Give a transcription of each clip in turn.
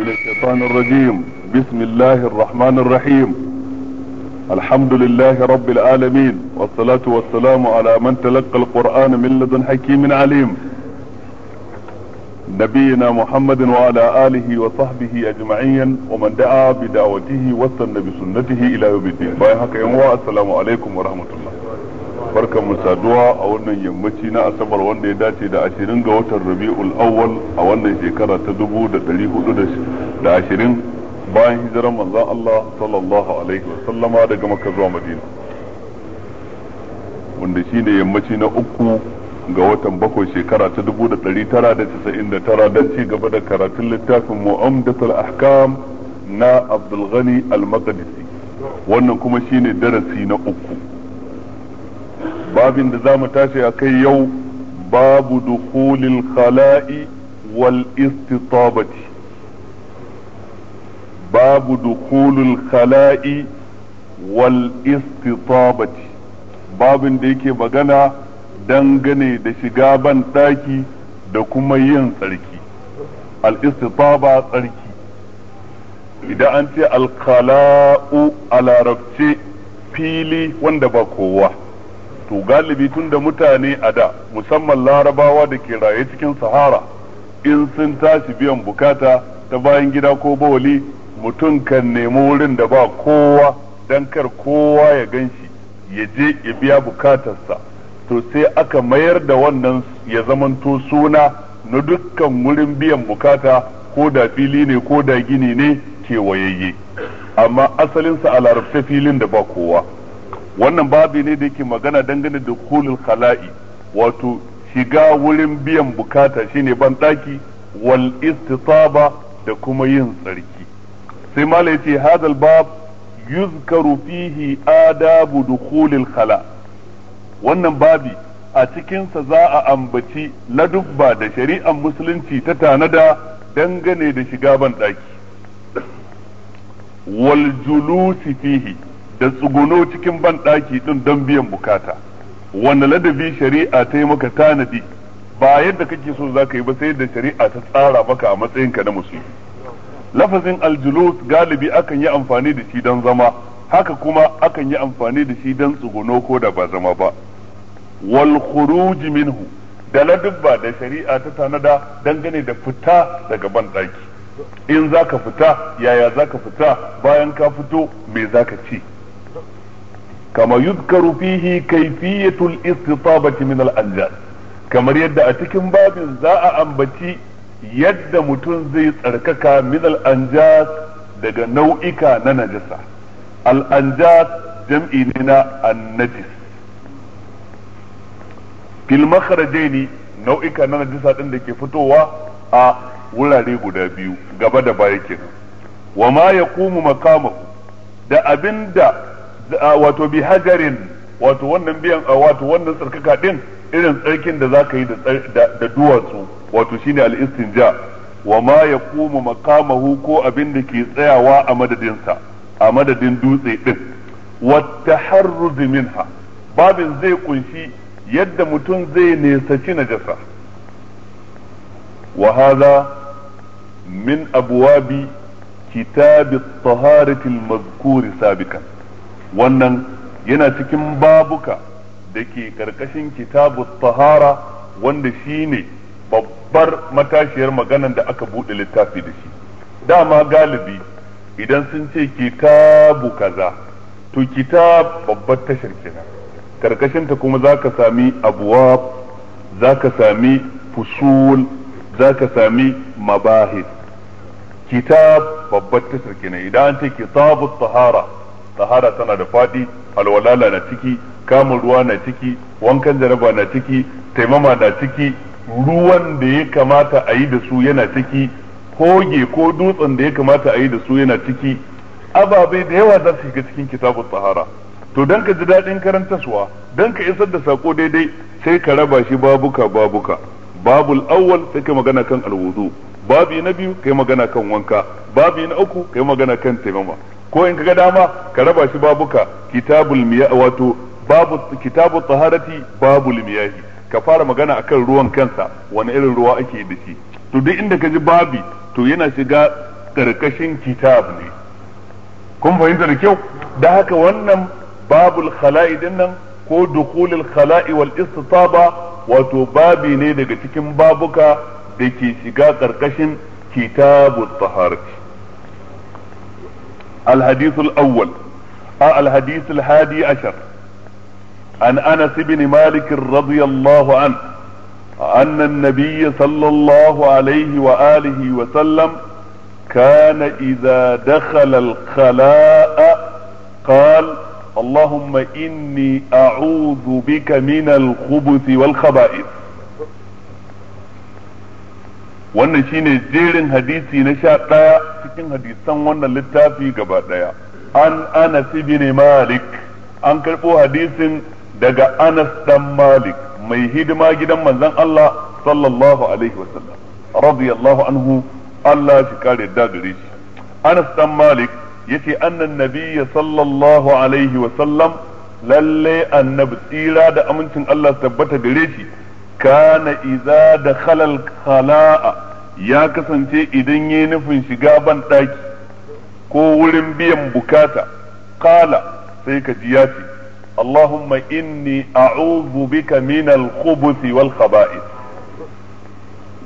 من الشيطان الرجيم بسم الله الرحمن الرحيم الحمد لله رب العالمين والصلاة والسلام على من تلقى القرآن من لدن حكيم عليم نبينا محمد وعلى آله وصحبه أجمعين ومن دعا بدعوته وسن بسنته إلى يوم الدين السلام عليكم ورحمة الله barkan mu saduwa a wannan yammaci na asabar wanda ya dace da ashirin ga watan rabi'ul awwal a wannan shekara ta dubu da ɗari hudu da ashirin bayan hijirar manzon Allah sallallahu alaihi wa sallama daga makka zuwa madina wanda shi ne yammaci na uku ga watan bakwai shekara ta dubu da ɗari tara da casa'in da tara don ci gaba da karatun littafin mu'amdatul ahkam na abdulghani al-maqdisi wannan kuma shine darasi na uku babin da za mu tashi a kai yau babu dukulil khala'i wal istitabati babu dukulul khala'i wal istitabati babin da yake magana dangane da shiga ban ɗaki da kuma yin tsarki al istitaba tsarki idan an ce al khala'u a larabce fili wanda ba kowa to galibi tun da mutane a da musamman larabawa da ke raye cikin sahara in sun tashi biyan bukata ta bayan gida ko bawali mutum kan nemi wurin da ba kowa don kar kowa ya gan shi ya je ya biya bukatarsa to sai aka mayar da wannan ya zamanto suna na dukkan wurin biyan bukata ko da fili ne ko da gini ne kewayayye amma asalinsa a larabta filin da ba kowa wannan babi ne da yake magana dangane da kulul khala'i wato shiga wurin biyan bukata shine ban daki wal istitaba da kuma yin tsarki sai mala yace hadal bab yuzkaru fihi adabu dukhulil khala wannan babi a cikinsa za a ambaci ladubba da shari'ar musulunci ta tanada dangane da shiga ban daki wal julusi fihi da tsuguno cikin ban ɗaki ɗin don biyan bukata wanda ladabi shari'a ta yi maka tanadi ba yadda kake so za ka yi ba sai da shari'a ta tsara maka a matsayinka na musulmi lafazin aljulus galibi akan yi amfani da shi don zama haka kuma akan yi amfani da shi don tsuguno ko da ba zama ba wal khuruj minhu da ladabba da shari'a ta tanada dangane da fita daga ban ɗaki in za ka fita yaya za ka fita bayan ka fito me za ka ci kama yuzkaru fihi kayfiyatul istitabati min al kamar yadda a cikin babin za a ambaci yadda mutum zai tsarkaka min al-anjas daga nau'ika na najasa al jam'i ne na an-najis fil nau'ika na najasa ɗin da ke fitowa a wurare guda biyu gaba da baya kenan wa ma kuma makamahu da abinda wato bi hajarin wato wannan biyan wato wannan tsarkaka din irin tsarkin da zaka yi da duwatsu wato shine al-istinja wa ma yaqumu maqamahu ko abin da ke tsayawa a madadinsa a madadin dutse din wa taharruz minha babin zai kunshi yadda mutum zai nesaci najasa wa hadha min abwabi kitab at-taharati al-mazkur sabiqan wannan yana cikin babuka da ke karkashin kitabu tahara wanda shi ne babbar matashiyar maganan da aka buɗe littafi da shi dama galibi idan sun ce kitabu kaza to kitab babbar tashar kenan karkashinta kuma za ka sami abuwab za ka sami fusul za ka sami mabahis kitab babbar tashar kenan idan an ce kitabu tahara tsahara tana da faɗi alwalala na ciki kamun ruwa na ciki wankan jaraba na ciki taimama na ciki ruwan da ya kamata a yi da su yana ciki koge ko dutsen da ya kamata a yi da su yana ciki ababe da yawa za su shiga cikin kitabun tsahara to dan ka ji daɗin karantaswa dan ka isar da sako daidai sai ka raba shi babuka babuka babul awwal sai kai magana kan alwudu babi na biyu kai magana kan wanka babi na uku kai magana kan taimama ko in kaga dama ka raba shi babuka kitabul miya wato babu kitabu taharati babul miyahi ka fara magana akan ruwan kansa wani irin ruwa ake da shi to duk inda ka ji babi to yana shiga karkashin kitab ne kun fahimta da kyau da haka wannan babul khala'i dinnan ko dukulul khala'i wal istitaba wato babi ne daga cikin babuka da ke shiga karkashin kitabu taharati الحديث الأول آه، الحديث الحادي عشر عن أنس بن مالك رضي الله عنه أن النبي صلى الله عليه وآله وسلم كان إذا دخل الخلاء قال اللهم إني أعوذ بك من الخبث والخبائث wannan shine jerin hadisi na sha ɗaya cikin hadisan wannan littafi gaba ɗaya an anas ibn malik an karɓo hadisin daga anas dan malik mai hidima gidan manzon Allah sallallahu alaihi wasallam radiyallahu anhu Allah shi kare da gare shi anas dan malik yace annan nabiyya sallallahu alaihi wasallam lalle annabi tsira da amincin Allah tabbata gare shi kana iza da khalal khala'a ya kasance idan yayi nufin shiga banɗaki ko wurin biyan bukata kala sai ka ji ya ce Allahumma inni a'udhu bika min al wal khaba'ith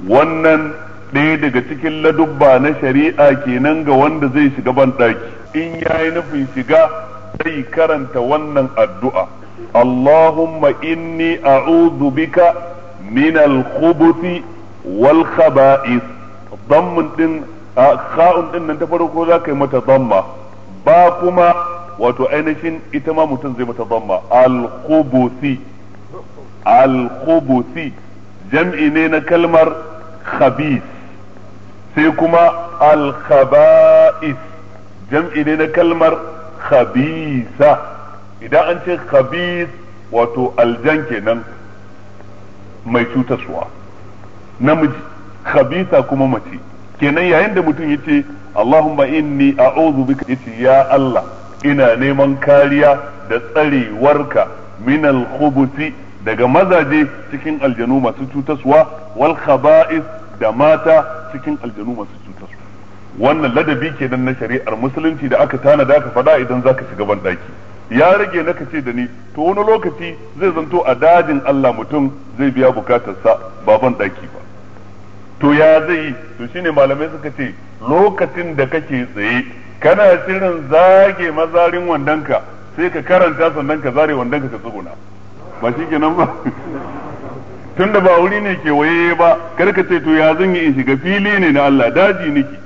wannan ɗaya daga cikin ladubba na shari'a kenan ga wanda zai shiga banɗaki. In ya yi nufin shiga sai karanta wannan addu'a Allahumma inni a'udhu bika min al-khubuthi wal khaba'ith dammun din kha'un nan ta farko za ka yi mata damma ba kuma wato ainihin ita ma mutum zai mata damma al-khubuthi al jam'i ne na kalmar khabith sai kuma al jam'i ne na kalmar khabisa idan an ce khabith wato aljan kenan mai cutarwa namiji khabisa kuma mace kenan yayin da mutum ya ce Allahumma inni a'udhu bika yace ya Allah ina neman kariya da tsarewarka min al daga mazaje cikin aljanu masu cutaswa wal khaba'is da mata cikin aljanu masu cutaswa wannan ladabi kenan na shari'ar musulunci da aka tanada ka faɗa idan zaka shiga ban ya rage na kace da ni to wani lokaci zai zanto a dajin Allah mutum zai biya bukatarsa baban daki ba to ya zai yi to shine malamai suka ce lokacin da kake tsaye kana shirin zage mazarin wandanka sai ka karanta sannan ka zare wandanka ka tsuguna ba shi kenan ba tunda ba wuri ne ke kewaye ba kar ka ce to ya zan yi in shiga fili ne na Allah daji niki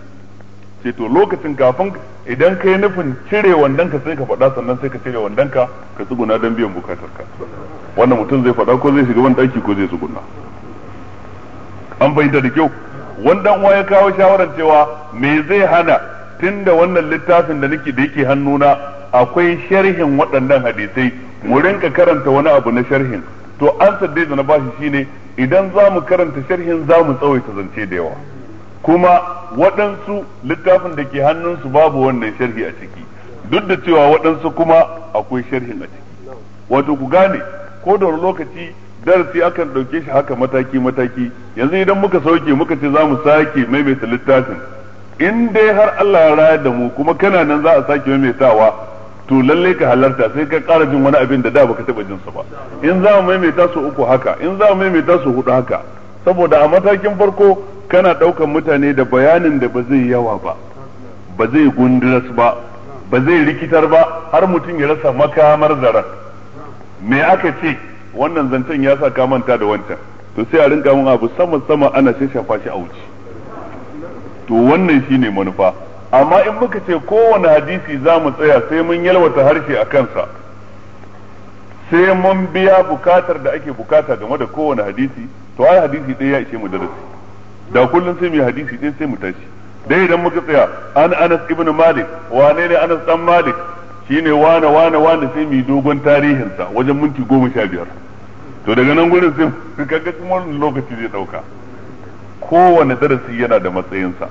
ce to lokacin kafin idan kai nufin cire wandonka sai ka faɗa sannan sai ka cire wandonka ka tsuguna don biyan ka wannan mutum zai faɗa ko zai shiga wani ɗaki ko zai tsuguna an fahimta da kyau wanda uwa ya kawo shawarar cewa me zai hana tunda wannan littafin da nake da yake hannuna akwai sharhin waɗannan hadisai mu rinka karanta wani abu na sharhin to an sadde da na bashi shine idan za mu karanta sharhin za mu tsawaita zance da yawa kuma waɗansu littafin da ke hannunsu babu wannan sharhi a ciki duk da cewa waɗansu kuma akwai sharhin a ciki wato ku gane ko da wani lokaci darasi akan ɗauke shi haka mataki mataki yanzu idan muka sauke muka ce za mu sake maimaita littafin in dai har Allah ya rayar da mu kuma kana nan za a sake maimaitawa to lallai ka halarta sai ka ƙara jin wani abin da da baka taɓa jin sa ba in za mu maimaita su uku haka in za mu maimaita su hudu haka saboda a matakin farko kana ɗaukan mutane da bayanin da ba zai yawa ba ba zai gundiras ba ba zai rikitar ba har mutum ya rasa makamar zaren me aka ce wannan zancen ya sa ka manta da wancan to sai a rinka mun abu sama sama ana shafa shi a wuce to wannan shine manufa amma in muka ce kowane hadisi za mu tsaya sai mun yalwata harshe a kansa sai mun biya bukatar da ake bukata game da kowane hadisi to ai hadisi ɗaya ya ishe mu darasi da kullum sai mu hadisi ɗaya sai mu tashi dai idan muka tsaya an Anas ibn Malik wane ne Anas dan Malik shine wane wane wane sai mu dogon tarihin sa wajen minti goma sha biyar to daga nan gurin sai kaga kuma wani lokaci zai dauka kowane darasi yana da matsayinsa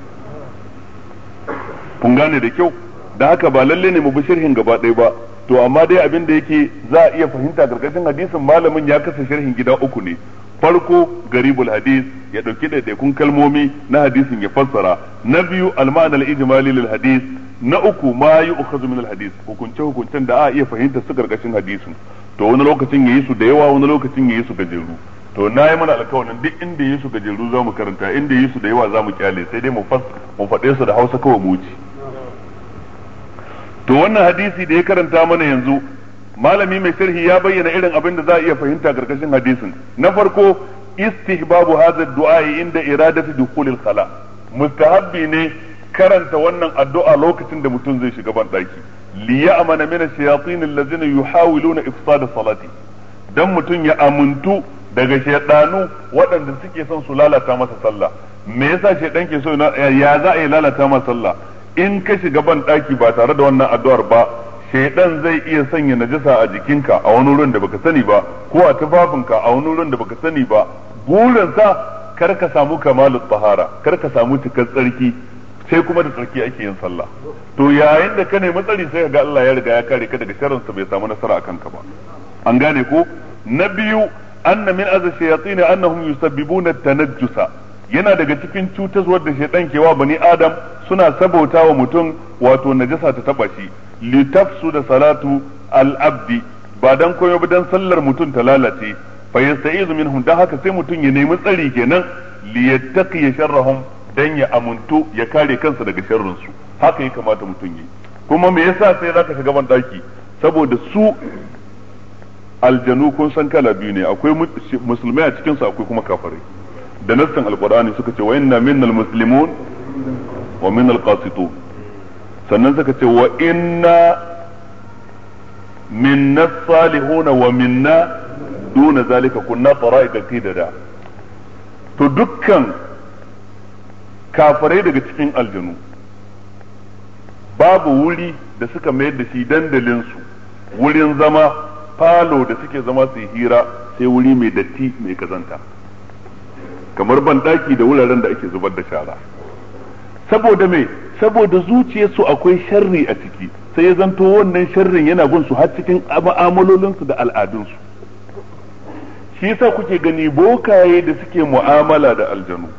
kun gane da kyau da haka ba lalle ne mu bi shirhin gaba ɗaya ba to amma dai abin da yake za a iya fahimta karkashin hadisin malamin ya kasa sharhin gida uku ne farko garibul hadis ya dauki ɗaiɗaikun kalmomi na hadisin ya fassara na biyu almanal ijmali lil hadis na uku ma yi ukhazu min al hadis hukunce hukuncen da a iya fahimta su karkashin hadisin to wani lokacin yayi su da yawa wani lokacin yayi su gajeru to nayi mana alkawarin duk inda yi su gajeru za mu karanta inda yi su da yawa za mu kyale sai dai mu faɗe su da hausa kawai mu wuce to wannan hadisi da ya karanta mana yanzu malami mai sharhi ya bayyana irin abin da za a iya fahimta karkashin hadisin na farko istihbabu hadha du'a inda iradati dukhulil khala mustahabbi ne karanta wannan addu'a lokacin da mutum zai shiga ban daki li ya'mana min ash-shayatin allazina yuhawiluna ifsad salati dan mutum ya amuntu daga shaydanu waɗanda suke son su lalata masa sallah me yasa shaydan ke so ya za a yi lalata masa sallah in ka shiga ban daki ba tare da wannan addu'ar ba shaidan zai iya sanya najasa a jikinka a wani wurin da baka sani ba ko a tufafinka a wani wurin da baka sani ba sa kar ka samu Kamalus bahara kar ka samu cikar tsarki sai kuma da tsarki ake yin sallah to yayin da ka nemi tsari sai ga Allah ya riga ya kare ka daga sa bai samu nasara a kanka ba an gane ko na biyu anna min azza shayatin annahum yusabbibuna tanajjusa yana daga cikin cutarwar da shaidan ke wa bani adam suna sabauta wa mutum wato najasa ta taba shi litafsu da salatu al-abdi ba dan koyo ba dan sallar mutum ta lalace fa yasta'izu minhum dan haka sai mutum ya nemi tsari kenan yattaqi sharrahum dan ya amuntu ya kare kansa daga sharrin su haka ya kamata mutum yi kuma me yasa sai zaka shiga ban daki saboda su aljanu kun san kala biyu ne akwai musulmai a cikin su akwai kuma kafirai da nassan alqur'ani suka ce wa inna minnal muslimun wa minnal qasitun sannan suka ce wa inna minna salihuna wa minna duna zalika kunna qara'iqa qidada to dukkan kafirai daga cikin aljanu babu wuri da suka mayar da shi dandalinsu wurin zama falo da suke zama su hira sai wuri mai datti mai kazanta kamar ban daki da wuraren da ake zubar da shara saboda me saboda zuciyarsu akwai sharri a ciki sai ya zanto wannan sharrin yana bin su har cikin mu'amalolinsu da al'adunsu shi yasa kuke gani bokaye da suke mu'amala da aljanu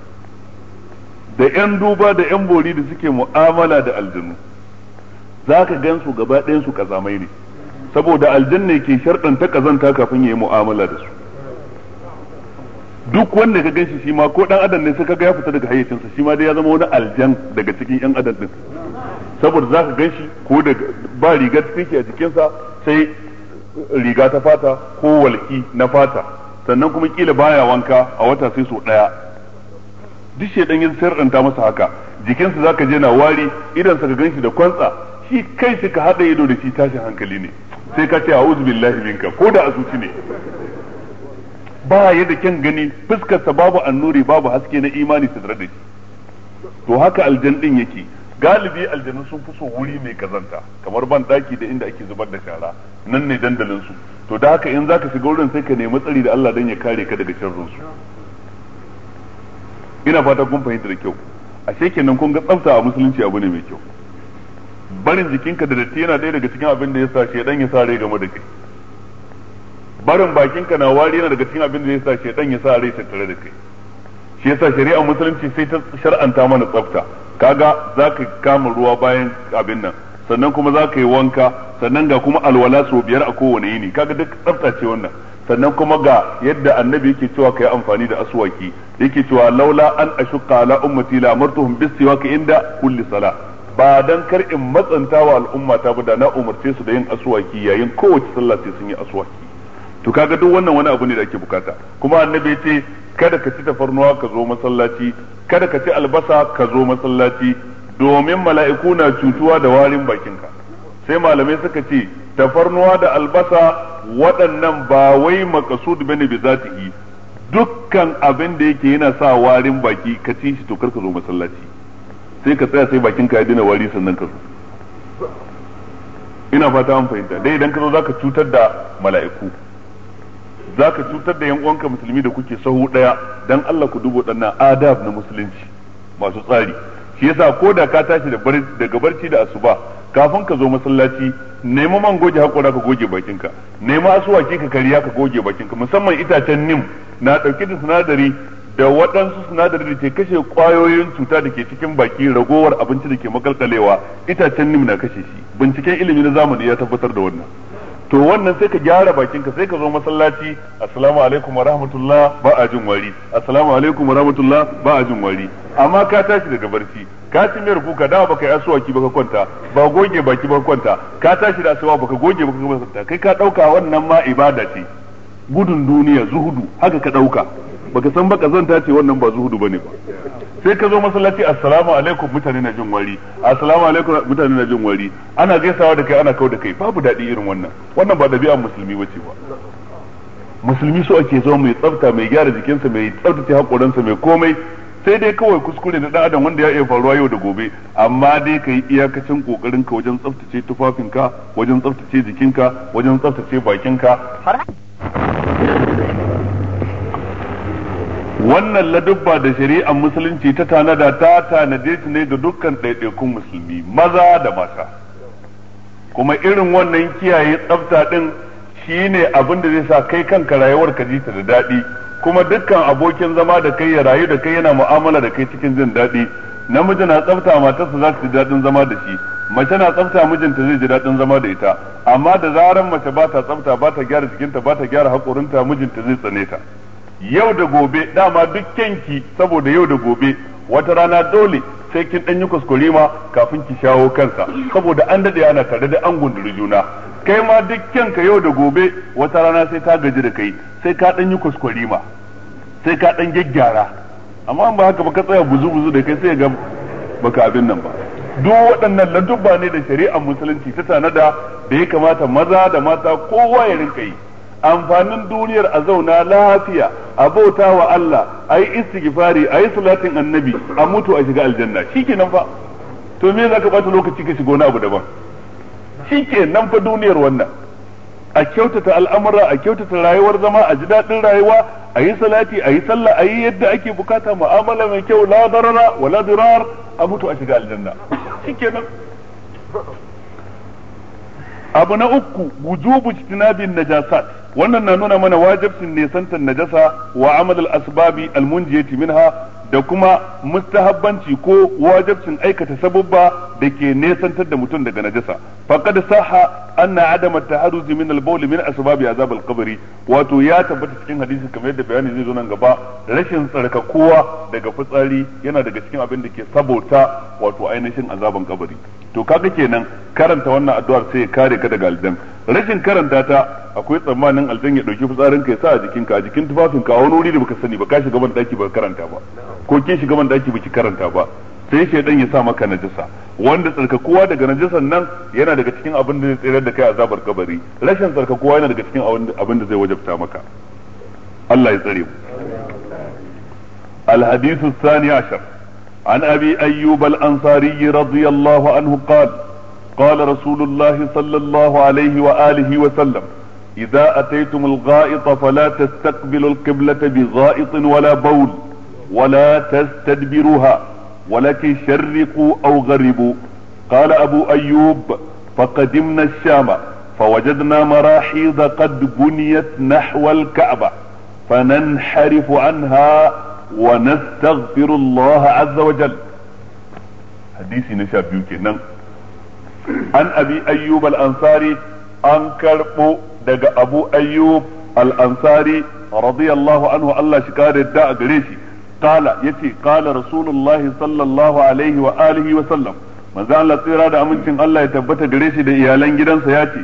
da 'yan duba da 'yan bori da suke mu'amala da aljanu za ka gan gaba ɗayan su kazamai ne saboda aljanna ke sharɗanta kazanta kafin ya yi mu'amala da su duk wanda ka ganshi shi ma ko dan adam ne sai kaga ya fita daga hayyacinsa shi ma dai ya zama wani aljan daga cikin yan adam din saboda zaka ganshi ko da ba rigar fiki a jikinsa sai riga ta fata ko walki na fata sannan kuma kila baya wanka a wata sai so daya duk shedan ya sirranta masa haka jikinsa zaka je na wari idan ka ganshi da kwantsa shi kai shi ka hada ido da shi tashin hankali ne sai ka ce a'udhu billahi minka ko da a zuci ne ba ya da kyan gani fuskarsa babu annuri babu haske na imani su da shi to haka aljan din yake galibi aljanu sun fi so wuri mai kazanta kamar ban daki da inda ake zubar da shara nan ne dandalin su to da haka in zaka shiga wurin sai ka nemi tsari da Allah dan ya kare ka daga cin su ina fata kun fahimta da kyau ashe kenan kun ga tsafta a musulunci abu ne mai kyau barin jikinka da datti yana daya daga cikin abin da ya sa shedan ya sare game da kai barin bakinka na wari yana daga cikin abin da ya sa shedan ya sa rai tattare da kai shi yasa shari'ar musulunci sai ta shar'anta mana tsafta kaga za ka kama ruwa bayan abin nan sannan kuma za yi wanka sannan ga kuma alwala sau biyar a kowane yini kaga duk tsafta ce wannan sannan kuma ga yadda annabi yake cewa ka yi amfani da aswaki yake cewa laula an ashqa ala ummati la amartuhum bisiwaki inda kulli sala ba dan kar in matsanta wa al'umma ta ba da na umarce su da yin aswaki yayin kowace sallah sai sun yi aswaki to kaga duk wannan wani abu ne da ake bukata kuma annabi ce kada ka ci tafarnuwa ka zo masallaci kada ka ci albasa ka zo masallaci domin mala'iku na cutuwa da warin bakinka sai malamai suka ce tafarnuwa da albasa waɗannan ba wai makasud bane bi zatihi dukkan abin da yake yana sa warin baki ka ci shi to kar ka zo masallaci sai ka tsaya sai bakinka ya dina wari sannan ka zo ina fata an fahimta dai idan ka zo zaka cutar da mala'iku za ka cutar da yan uwanka musulmi da kuke sahu ɗaya don Allah ku dubo danna adab na musulunci masu tsari shi yasa ko da ka tashi daga barci da asuba kafin ka zo masallaci nema man goge hakora ka goge bakinka nema asuwaki ka kariya ka goge bakinka musamman itacen nim na ɗauke da sinadari da waɗansu sinadari da ke kashe ƙwayoyin cuta da ke cikin baki ragowar abinci da ke makalkalewa itacen nim na kashe shi binciken ilimi na zamani ya tabbatar da wannan to wannan sai ka gyara bakinka sai ka zo masallaci assalamu alaikum wa rahmatullah ba a jin wari assalamu alaikum wa rahmatullah ba a jin wari amma ka tashi daga barci ka ci miyar kuka dawa baka yi asuwaki baka kwanta ba goge baki baka kwanta ka tashi da asuwa baka goge baka kwanta kai ka dauka wannan ma ibada ce gudun duniya zuhudu haka ka dauka baka san baka zanta ce wannan ba zuhudu bane ba sai ka zo masallaci assalamu alaikum mutane na jin wari assalamu alaikum mutane na jin wari ana gaisawa da kai ana kawo da kai babu daɗi irin wannan wannan ba ɗabi'ar musulmi bace ba musulmi so ake zo mai tsafta mai gyara jikinsa mai tsaftace hakoransa mai komai sai dai kawai kuskure na dan adam wanda ya iya faruwa yau da gobe amma dai ka yi iyakacin kokarin ka wajen tsaftace tufafinka wajen tsaftace jikinka wajen tsaftace bakinka har wannan ladubba da shari'ar musulunci ta tanada ta tanade su ne ga dukkan ɗaiɗaikun musulmi maza da mata kuma irin wannan kiyaye tsafta ɗin shi ne abin da zai sa kai kanka rayuwar ka ji ta da daɗi kuma dukkan abokin zama da kai ya rayu da kai yana mu'amala da kai cikin jin daɗi namiji na tsafta matarsa za ta ji daɗin zama da shi mace na tsafta mijinta zai ji daɗin zama da ita amma da zarar mace ba ta tsafta ba ta gyara jikinta ba ta gyara haƙorinta mijinta zai tsane ta yau da gobe dama duk kyanki saboda yau da gobe wata rana dole sai kin dan yi kuskure ma kafin ki shawo kansa saboda an dade ana tare da an gunduri juna kai ma duk kyanka yau da gobe wata rana sai ka gaji da kai sai ka dan yi kuskure ma sai ka dan gyaggyara amma ba haka ba ka tsaya buzu buzu da kai sai ga baka abin nan ba duk waɗannan ladubba ne da shari'ar musulunci ta tanada da ya kamata maza da mata kowa ya rinka yi amfanin duniyar a zauna lafiya a bauta wa Allah a yi istighfari a yi salatin annabi a mutu a shiga aljanna shikenan fa to me zaka bata lokaci ka shiga wani abu daban shikenan fa duniyar wannan a kyautata al'amura a kyautata rayuwar zama a ji daɗin rayuwa a yi salati a yi sallah a yi yadda ake bukata mu'amala mai kyau la darara wa dirar a mutu a shiga aljanna shikenan abu na uku wujubu ijtinabin najasat wannan na nuna mana wajibcin nisantar najasa wa amal al-asbabi al-munjiyati minha da kuma mustahabbanci ko wajibcin aikata sababba da ke nesantar da mutum daga najasa faqad saha anna adam at-taharruz min al-bawl min asbabi azab al-qabri wato ya tabbata cikin hadisi kamar yadda bayani zai zo nan gaba rashin tsarkakowa daga fitsari yana daga cikin abin da ke sabota wato ainihin azaban kabari to kaga kenan karanta wannan addu'ar sai ya kare ka daga aljan rashin karanta ta akwai tsammanin nan aljan ya dauki fitsarin ka ya sa a jikin ka a jikin tufafin ka a wani wuri da baka sani ba ka shiga ban daki baka karanta ba ko kin shiga ban daki baki karanta ba sai shedan ya sa maka najasa wanda tsarkakuwa daga najasan nan yana daga cikin abin da zai tsirar da kai azabar kabari rashin tsarkakuwa yana daga cikin abin da zai wajabta maka Allah ya tsare mu الحديث الثاني عشر عن ابي ايوب الانصاري رضي الله عنه قال قال رسول الله صلى الله عليه واله وسلم إذا أتيتم الغائط فلا تستقبلوا القبلة بغائط ولا بول ولا تستدبروها ولكن شرقوا أو غربوا قال أبو أيوب فقدمنا الشام فوجدنا مراحيض قد بنيت نحو الكعبة فننحرف عنها ونستغفر الله عز وجل حديث نشاب يمكن نعم. عن أبي أيوب الأنصاري أنكر daga Abu Ayyub al-Ansari radiyallahu anhu Allah shi kare da a gare shi ya yace qala rasulullahi sallallahu alaihi wa alihi wa sallam manzo Allah tsira da amincin Allah ya tabbata gare shi da iyalan gidansa ya ce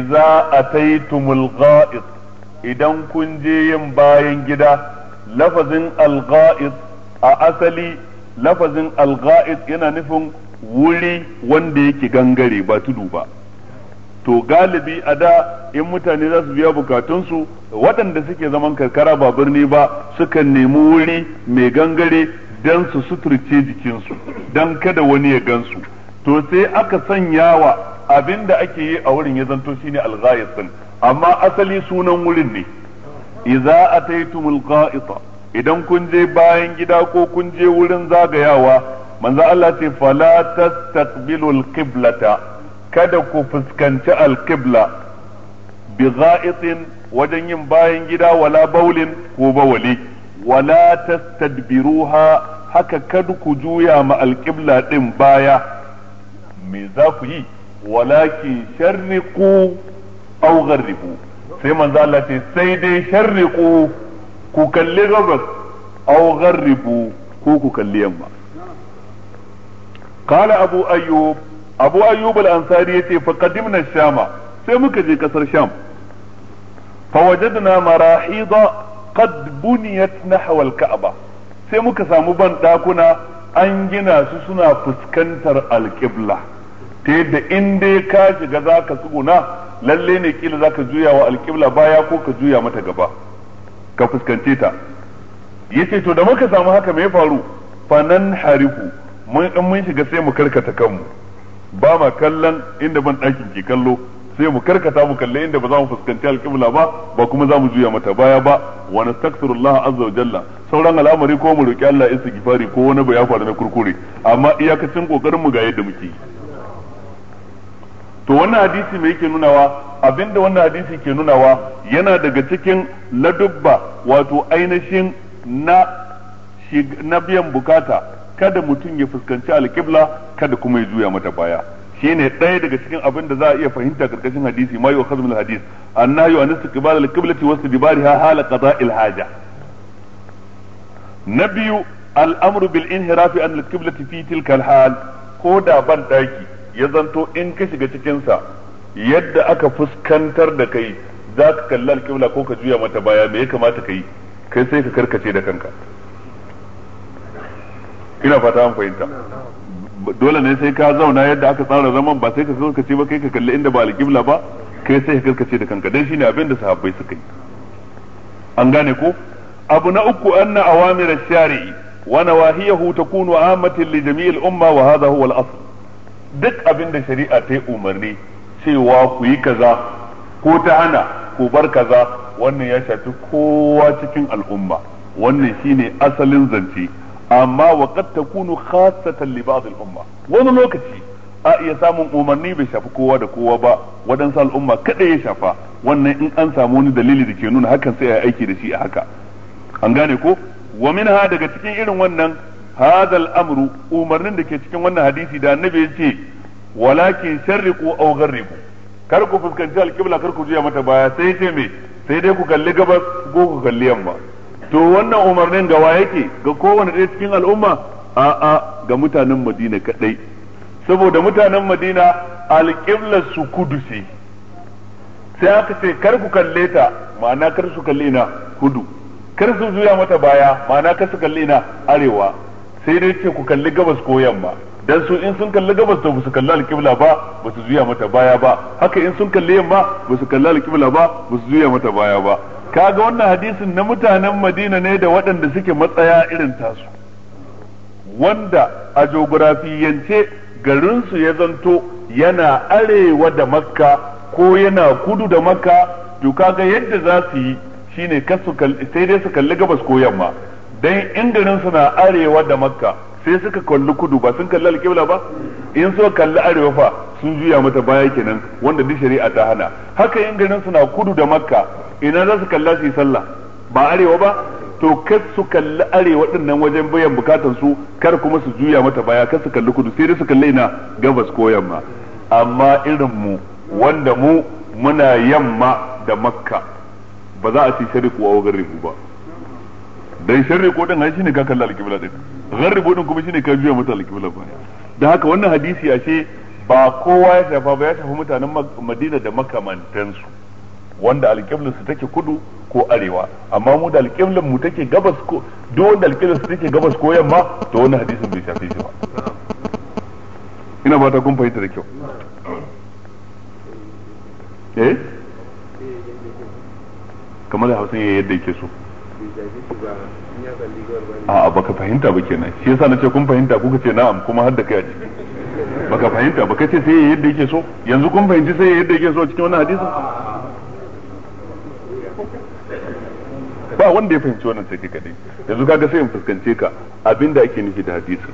idza ataitumul gha'id idan kun je yin bayan gida lafazin al-gha'id a asali lafazin al-gha'id yana nufin wuri wanda yake gangare ba tudu ba to galibi a da in mutane za su biya bukatunsu waɗanda suke zaman karkara ba birni ba sukan nemi wuri mai gangare don su suturce jikinsu don kada wani ya gansu to sai aka sanya wa abin da ake yi a wurin ya zanto shine alghayatin amma asali sunan wurin ne idza ataytumul qa'ita idan kun je bayan gida ko kun je wurin zagayawa manzo Allah ce fala tastaqbilul qiblata kada ku fuskanci alƙibla bi gha'itin wajen yin bayan gida wala baulin ko bawali wala tastadbiruha haka kada ku juya ma alkibla din baya me za ku yi walakin sharriqu aw gharribu sai manzo Allah ce sai dai sharriqu ku kalli gabas aw gharribu ko ku kalli yamma قال abu أيوب abu ayyub al-ansari yace fa qadimna shama sai muka je kasar sham fa wajadna marahida qad buniyat nahwa al-ka'ba sai muka samu ban dakuna an gina su suna fuskantar al-qibla ta yadda in dai ka shiga zaka tsuguna lalle ne kila zaka juya wa al-qibla baya ko ka juya mata gaba ka fuskance ta yace to da muka samu haka me ya faru nan harifu mun in mun shiga sai mu karkata kanmu ba ma kallon inda ban ɗakin ke kallo sai mu karkata mu kalle inda ba za mu fuskanci alƙibla ba ba kuma za mu juya mata baya ba wa nastaghfirullah azza wa jalla sauran al'amari ko mu roki Allah gifari ko wani ya faru na kurkure amma iyakacin kokarin mu ga yadda muke to wannan hadisi mai yake nunawa abinda wannan hadisi ke nunawa yana daga cikin ladubba wato ainihin na na biyan bukata kada mutum ya fuskanci alƙibla kada kuma ya juya mata baya shine ɗaya daga cikin abin da za a iya fahimta karkashin hadisi mayu yu'khadhu hadis annahyu an istiqbal al-qiblati wa istidbariha hala qada'il haja nabiyu al bil inhirafi an al-qiblati fi tilka al ko da ban daki ya zanto in ka shiga cikin sa yadda aka fuskantar da kai za ka kalli alkibla ko ka juya mata baya me ya kamata kai kai sai ka karkace da kanka ina fata an fahimta dole ne sai ka zauna yadda aka tsara zaman ba sai ka karkace ba kai ka kalli inda ba alƙibla ba kai sai ka karkace da kanka dan shine abin da sahabbai suka yi an gane ko abu na uku anna awamir ash-shari'i wa nawahiyahu takunu amatan li jami'il umma wa hadha huwa al-asl duk abin da shari'a ta yi umarni cewa ku yi kaza ko ta hana ku bar kaza wannan ya shafi kowa cikin al'umma wannan shine asalin zance amma wa ta takunu khasatan li ba'd al-umma wani lokaci a iya samun umarni bai shafi kowa da kowa ba waɗansu al'umma kaɗai ya shafa wannan in an samu wani dalili da ke nuna hakan sai a aiki da shi a haka an gane ko wa minha daga cikin irin wannan hadal amru umarnin da ke cikin wannan hadisi da annabi ya ce walakin sharriqu aw gharribu kar ku fuskanci al-qibla kar ku juya mata baya sai ce me sai dai ku kalli gabas ko ku kalli yamma to wannan umarnin gawa wa yake ga kowane ɗaya cikin al'umma a'a ga mutanen madina kaɗai saboda mutanen madina alƙiblar su kudu ce sai aka ce kar ku kalle ta ma'ana kar su kalle na kudu kar su zuya mata baya ma'ana kar su kalle na arewa sai dai ce ku kalli gabas ko yamma dan su in sun kalli gabas to su kalli alƙibla ba ba su zuya mata baya ba haka in sun kalli yamma ba su kalli alƙibla ba ba su zuya mata baya ba kaga wannan hadisin na mutanen madina ne da waɗanda suke matsaya irin tasu wanda a jogurafiyance garinsu ya zanto yana arewa da makka ko yana kudu da makka to kaga yadda za su yi shine sai dai su kalli gabas ko yamma dan in garinsu na arewa da makka sai suka kalli kudu ba sun kalli alƙibla ba in suka kalli arewa fa sun juya mata baya kenan wanda duk shari'a ta hana haka in garinsu na kudu da makka ina za su kalla su yi sallah ba arewa ba to kar su kalli arewa nan wajen bayan bukatan su kar kuma su juya mata baya kar su kalli kudu sai dai su kalli ina gabas ko yamma amma irin mu wanda mu muna yamma da makka ba za a ci shariku wa garribu ba dan ko din shi shine ka kalla alkibla din garribu din kuma shine ka juya mata alkibla baya dan haka wannan hadisi ashe ba kowa ya shafa ba ya shafi mutanen Madina da makamantansu wanda alƙiblin su take kudu ko arewa amma mu da alƙiblin mu take gabas ko duk wanda alƙiblin su take gabas ko yamma to wannan hadisin bai shafe shi ba ina ba ta kun fahimta da kyau eh kamar da hausa yadda yake so a'a baka fahimta ba kenan shi yasa na ce kun fahimta kuka ce na'am kuma har da kai a ciki baka fahimta baka ce sai yadda yake so yanzu kun fahimci sai yadda yake so cikin wannan hadisin ba wanda ya fahimci wannan sai kai kadai yanzu kaga sai in fuskance ka abinda ake nufi da hadisin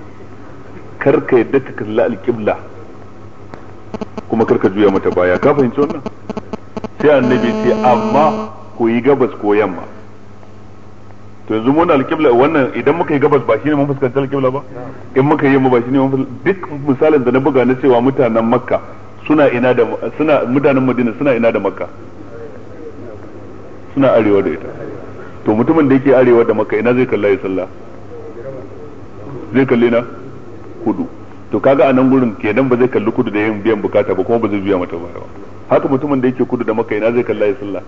kar ka yadda ka kalla alqibla kuma kar ka juya mata baya ka fahimci wannan sai annabi ce amma ko yi gabas ko yamma to yanzu mun alqibla wannan idan muka yi gabas ba shine mun fuskanci alqibla ba in muka yi yamma ba shine mun duk misalin da na buga na cewa mutanen makka suna ina da suna mutanen madina suna ina da makka suna arewa da ita to mutumin da yake arewa da maka ina zai kalla ya sallah zai kalle na kudu to kaga a nan gurin kenan ba zai kalli kudu da yin biyan bukata ba kuma ba zai biya mata baya ba haka mutumin da yake kudu da maka ina zai kalla ya sallah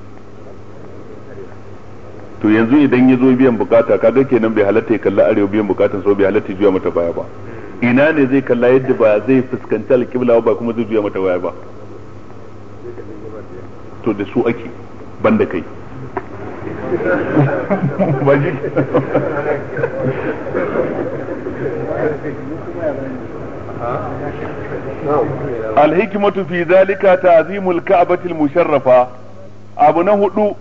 to yanzu idan ya zo biyan bukata kaga kenan bai halatta ya kalla arewa biyan bukatan so bai halatta juya mata baya ba ina ne zai kalla yadda ba zai fuskanci alƙibla ba kuma zai juya mata baya ba to da su ake ban da kai ba ji alhikimatu fi zalika ta'zimul ka'batil musharrafa abu na hudu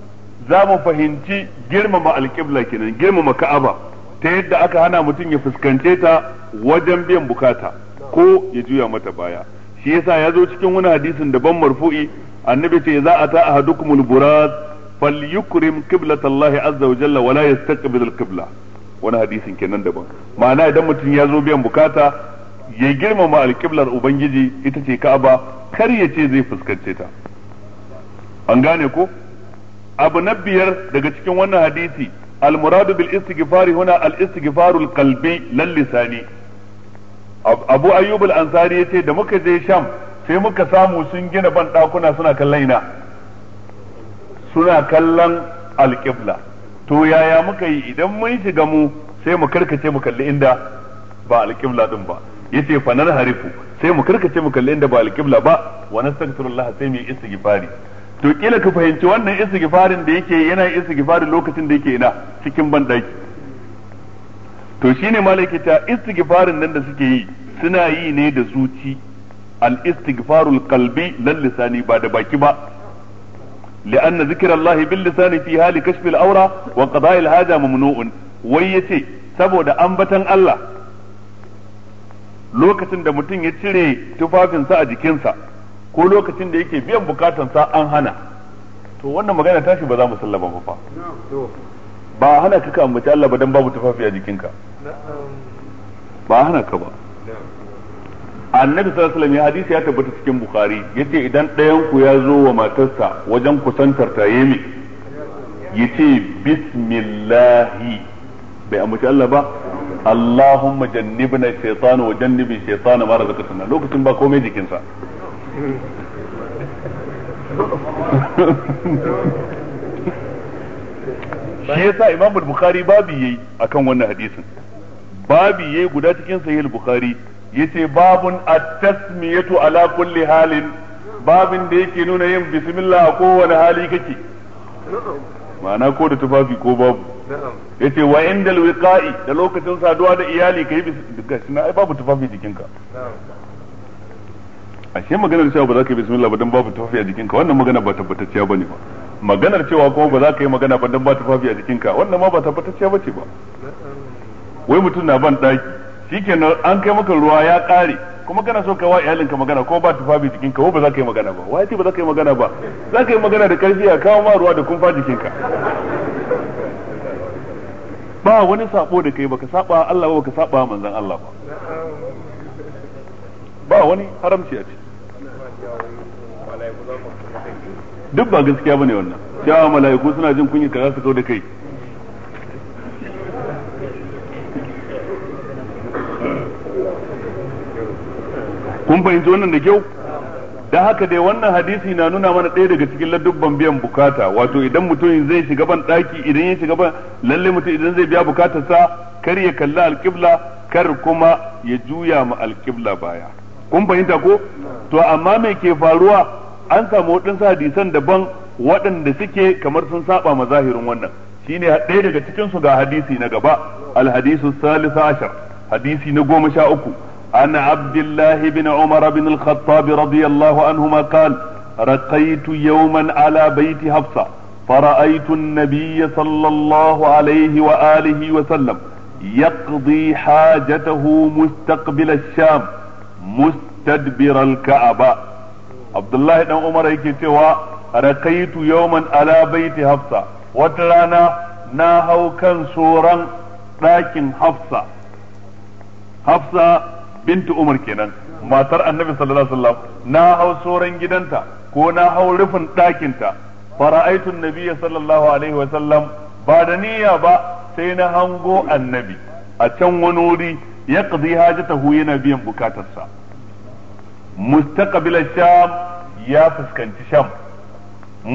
za mu fahimci girmama alƙibla kenan girmama ka'aba ta yadda aka hana mutum ya fuskance ta wajen biyan bukata ko ya juya mata baya shi yasa ya zo cikin wani hadisin daban marfu'i annabi ce za a ta ahadukumul buraz falyukrim qiblatallahi azza wa jalla wala yastaqbil qibla wani hadisin kenan daban ma'ana idan mutum ya zo biyan bukata ya girmama alƙiblar ubangiji ita ce ka'aba kar ya ce zai fuskance ta an gane ko abu na biyar daga cikin wannan hadisi المراد بالاستغفار هنا الاستغفار القلبي لا اللساني abu ayyub al-ansari yace da muka je sham sai muka samu sun gina ban dakuna suna kallon ina suna kallon alƙibla to yaya muka yi idan mun shiga mu sai mu karkace mu kalli inda ba alƙibla din ba yace fanar harifu sai mu karkace mu kalli inda ba alƙibla ba wa nastaghfirullah sai mu yi istighfari to kila ka fahimci wannan istighfarin da yake yana istighfari lokacin da yake ina cikin bandaki to shine malaka ta istighfarin nan da suke yi suna yi ne da zuci al istighfarul qalbi lal lisani ba da baki ba لأن ذكر الله باللسان في حال كشف الأورى وقضاء الحاجة ممنوع ويتي saboda batan Allah lokacin da mutum ya cire tufafinsa a jikinsa ko lokacin da yake biyan bukatansa an hana to wannan magana tashi ba za mu sallama ba fa ba hana ka ka ambaci Allah ba dan babu tufafi a jikinka ba hana ka ba annabi sallallahu alaihi wasallam hadisi ya tabbata cikin bukhari yace idan ɗayan ku ya zo wa matarsa wajen kusantar ta yemi yace bismillahi bai ambaci Allah ba Allahumma jannibna shaytan wa jannibi shaytan ma razaqtana lokacin ba komai jikinsa shi yasa Imam Bukhari babu yayi akan wannan hadisin babu yayi guda cikin sahih Bukhari yace babun at-tasmiyatu ala kulli halin babin da yake nuna yin bismillah a kowane hali kake ma'ana ko da tufafi ko babu yace wa indal wiqa'i da lokacin saduwa da iyali kai bismillah ai babu tufafi jikinka ashe maganar cewa ba za ka yi bismillah ba dan babu tufafi a jikinka wannan magana ba tabbatacciya bane ba maganar cewa kuma ba za ka yi magana ba dan ba tufafi a jikinka wannan ma ba tabbatacciya bace ba wai mutum na ban daki shikenan an kai maka ruwa ya kare kuma kana so ka wa iyalinka magana ko ba tufafi jikinka ko ba za ka yi magana ba wai ce ba za ka yi magana ba za ka yi magana da karfi a kawo ma ruwa da kumfa jikinka ba wani sabo da kai baka saba Allah ba baka saba manzon Allah ba ba wani haramci a ce duk ba gaskiya bane wannan cewa mala'iku suna jin kunya ka za su kau da kai kun fahimci wannan da kyau da haka dai wannan hadisi na nuna mana ɗaya daga cikin ladubban biyan bukata wato idan mutum zai shiga ban ɗaki idan ya shiga ban lalle mutum idan zai biya sa kar ya kalli alƙibla kar kuma ya juya ma alƙibla baya kun fahimta ko to amma me ke faruwa an samu waɗansu hadisan daban waɗanda suke kamar sun saba ma zahirin wannan shine ɗaya daga cikin su ga hadisi na gaba alhadisu salisa ashar hadisi na goma sha uku عن عبد الله بن عمر بن الخطاب رضي الله عنهما قال رقيت يوما على بيت حفصة فرأيت النبي صلى الله عليه وآله وسلم يقضي حاجته مستقبل الشام مستدبر الكعبة عبد الله بن عمر yake cewa raqaitu yawman ala baiti hafsa wata rana na hau kan soran ɗakin hafsa hafsa bintu umar kenan matar annabi sallallahu alaihi wasallam na hau soran gidanta ko na hau rufin ɗakinta fara'aitu nabiyya sallallahu alaihi wasallam ba da niyya ba sai na hango annabi a can wani wuri ya ta huye na biyan bukatarsa mustaqbil sham ya fuskanci sham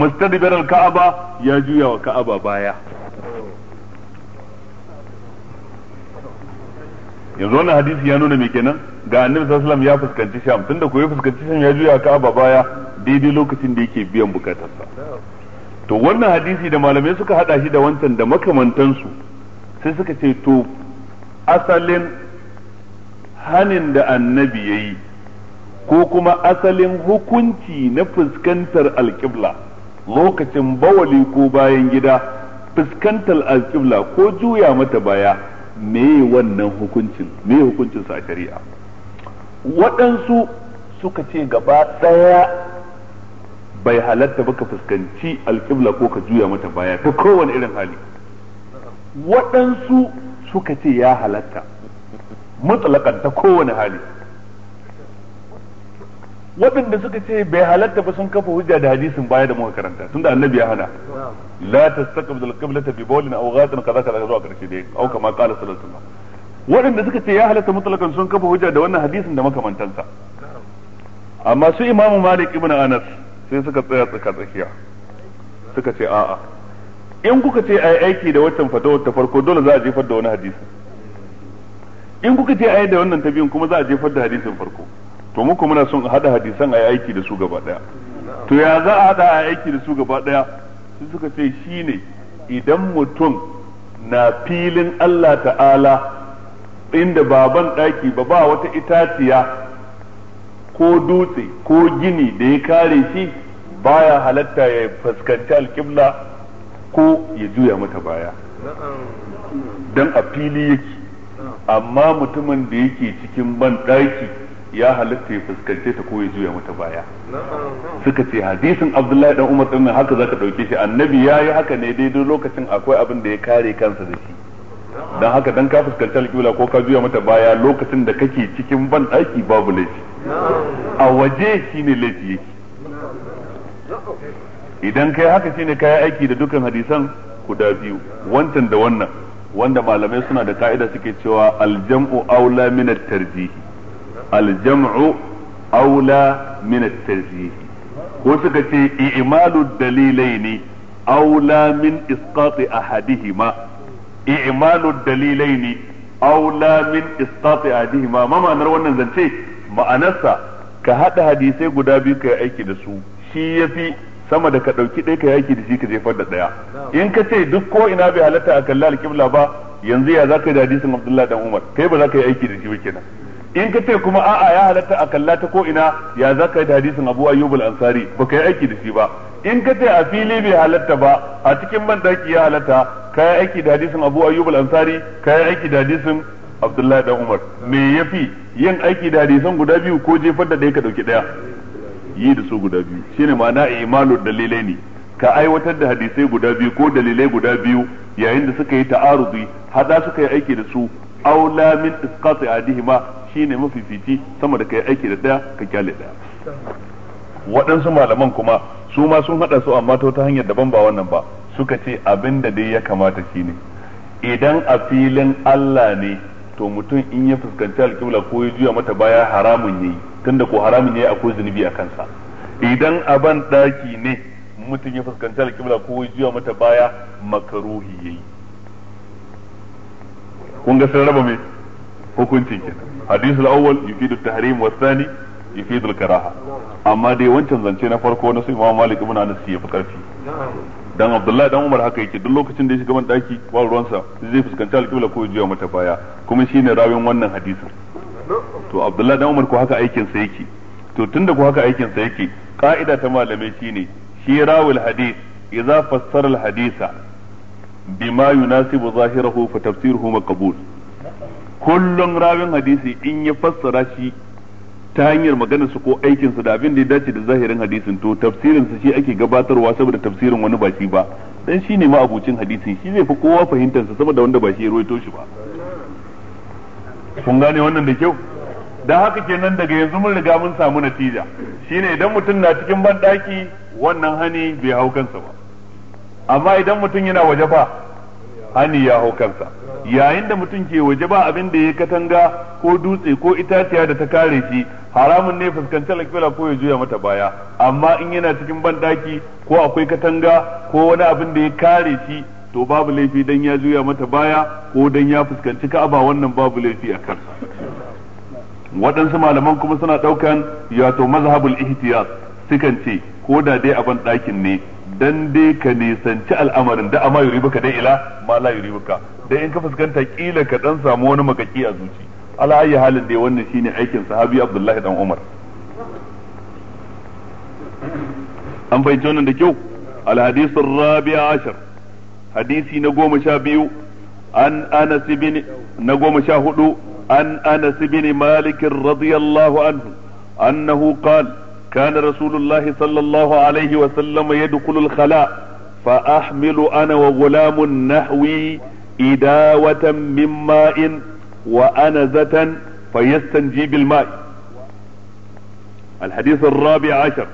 mustadbir al-ka'aba ya juya wa ka'aba baya yanzu wannan hadisi ya nuna me kenan ga annabi sallallahu alaihi ya fuskanci sham tunda ko ya fuskanci sham ya juya ka ka'aba baya daidai lokacin da yake biyan bukatarsa to wannan hadisi da malamai suka hada shi da wancan da makamantansu sai suka ce to asalin hanin da annabi yayi ko kuma asalin hukunci na fuskantar alƙibla lokacin bawali ko bayan gida fuskantar alƙibla ko juya mata baya me wannan hukuncin me hukuncin sa a shari'a waɗansu suka ce gaba ɗaya bai halatta baka fuskanci alƙibla ko ka juya mata baya ta kowane irin hali waɗansu suka ce ya halatta mutsalakan ta kowane hali waɗanda suka ce bai halatta ba sun kafa hujja da hadisin baya da muka karanta tun da annabi ya hana la tastaqbilu al ta bi bawlin aw ghatin kaza kaza zuwa karshe dai aw kama qala sallallahu alaihi waɗanda suka ce ya halatta mutlaqan sun kafa hujja da wannan hadisin da makamantansa amma su imamu malik ibn anas sai suka tsaya tsaka tsakiya suka ce a'a in kuka ce ai aiki da waccan fatawar ta farko dole za a jefar da wani hadisin in kuka ce ai da wannan ta biyun kuma za a jefar da hadisin farko to muku muna son a hada hadisan a yi aiki da su gaba daya to ya za a hada a aiki da su gaba daya su suka ce shine idan mutum na filin Allah ta'ala inda baban daki ba ba wata itaciya ko dutse ko gini da ya kare shi baya halatta ya fuskanci alƙibla ko ya juya mata baya don a fili yake amma mutumin da yake cikin ban daki ya halitta ya fuskance ta ko ya juya mata baya suka ce hadisin abdullahi dan umar din haka zaka dauke shi annabi yayi haka ne daidai lokacin akwai abin da ya kare kansa da shi dan haka dan ka fuskanci alƙibla ko ka juya mata baya lokacin da kake cikin ban daki babu laifi a waje shine laifi yake idan kai haka shine kai aiki da dukan hadisan guda biyu wancan da wannan wanda malamai suna da ka'ida suke cewa aljam'u aula min at-tarjihi aljam'u aula min at-tarjih ko suka ce i'malu dalilaini aula min isqati ahadihima i'malu dalilaini aula min isqati ahadihima wannan zance ma'anarsa ka hada hadisai guda biyu kai aiki da su shi yafi sama da ka ɗauki ɗaya kai aiki da shi ka jefar da ɗaya in ka ce duk ko ina bai halatta a kalli alƙibla ba yanzu ya za ka yi da hadisin abdullahi dan umar kai ba za ka yi aiki da shi ba kenan in ka ce kuma a'a ya halatta a kalla ta ko ina ya za ka yi da hadisin abu ayyub al-ansari ba ka yi aiki da shi ba in ka ce a fili bai halatta ba a cikin man daki ya halatta ka yi aiki da hadisin abu ayyub al-ansari ka yi aiki da hadisin abdullahi dan umar me yafi yin aiki da hadisan guda biyu ko jefar da ɗaya ka ɗauki ɗaya yi da su guda biyu shine ma'ana imalu dalilai ne ka aiwatar da hadisai guda biyu ko dalilai guda biyu yayin da suka yi ta'arudi hada suka yi aiki da su aula min isqati adihima shine mafifici sama da kai aiki da daya ka kyale daya waɗansu malaman kuma su ma sun haɗa su amma ta hanyar daban ba wannan ba suka ce abin da dai ya kamata ne. idan a filin Allah ne to mutum in ya fuskanci alƙibla ko ya juya mata baya haramun yayi tunda ko haramun yayi akwai zunubi a kansa idan a ban ɗaki ne mutum ya fuskanci alƙibla ko ya juya mata baya makaruhi yayi kun ga sun raba mai hukuncin ke hadisul awwal yufidu tahrim wa thani yufidu karaha amma dai wancan zance na farko na su imam malik ibn anas ya fi karfi dan abdullahi dan umar haka yake duk lokacin da ya shiga ban daki ba sa zai fuskanci alƙibla ko juya mata baya kuma shine rawin wannan hadisin to abdullahi dan umar ko haka aikin sa yake to tunda ko haka aikin sa yake ka'ida ta malamai shine shi rawul hadith idza fassara al hadisa bima yunasibu zahirahu fa tafsiruhu maqbul kullun rawin hadisi in ya fassara shi ta hanyar maganarsa ko aikinsa da abin da ya dace da zahirin hadisin to tafsirinsa shi ake gabatarwa saboda tafsirin wani ba shi ba dan shi ne abucin hadisin shi zai fi kowa fahimtarsa saboda wanda ba shi ya ruwaito shi ba kun gane wannan da kyau dan haka kenan daga yanzu mun riga mun samu natija shine idan mutum na cikin banɗaki wannan hani bai hau kansa ba amma idan mutum yana waje fa hani ya hau kansa yayin da mutum ke waje ba abin da ya katanga ko dutse ko itaciya da ta kare shi haramun ne fuskanci alƙibla ko ya juya mata baya amma in yana cikin banɗaki ko akwai katanga ko wani abin da ya kare shi to babu laifi dan ya juya mata baya ko dan ya fuskanci ka'aba wannan babu laifi a kansa waɗansu malaman kuma suna ɗaukan yato mazhabul ihtiyat sukan ce ko da dai a banɗakin ne dan dai ka nisanci al'amarin da amma yuri baka dai ila ma la yuri baka dan in ka fuskanta kila ka dan samu wani makaki a zuci ala ayi halin dai wannan shine aikin sahabi Abdullahi dan Umar an fahimci jonan da kyau al hadisin rabi ashar hadisi na goma sha biyu an anas bin na goma sha hudu an anas bin malik radiyallahu anhu annahu qala كان رسول الله صلى الله عليه وسلم يدخل الخلاء فأحمل أنا وغلام نحوي إداوة من ماء وأنزة فيستنجي بالماء الحديث الرابع عشر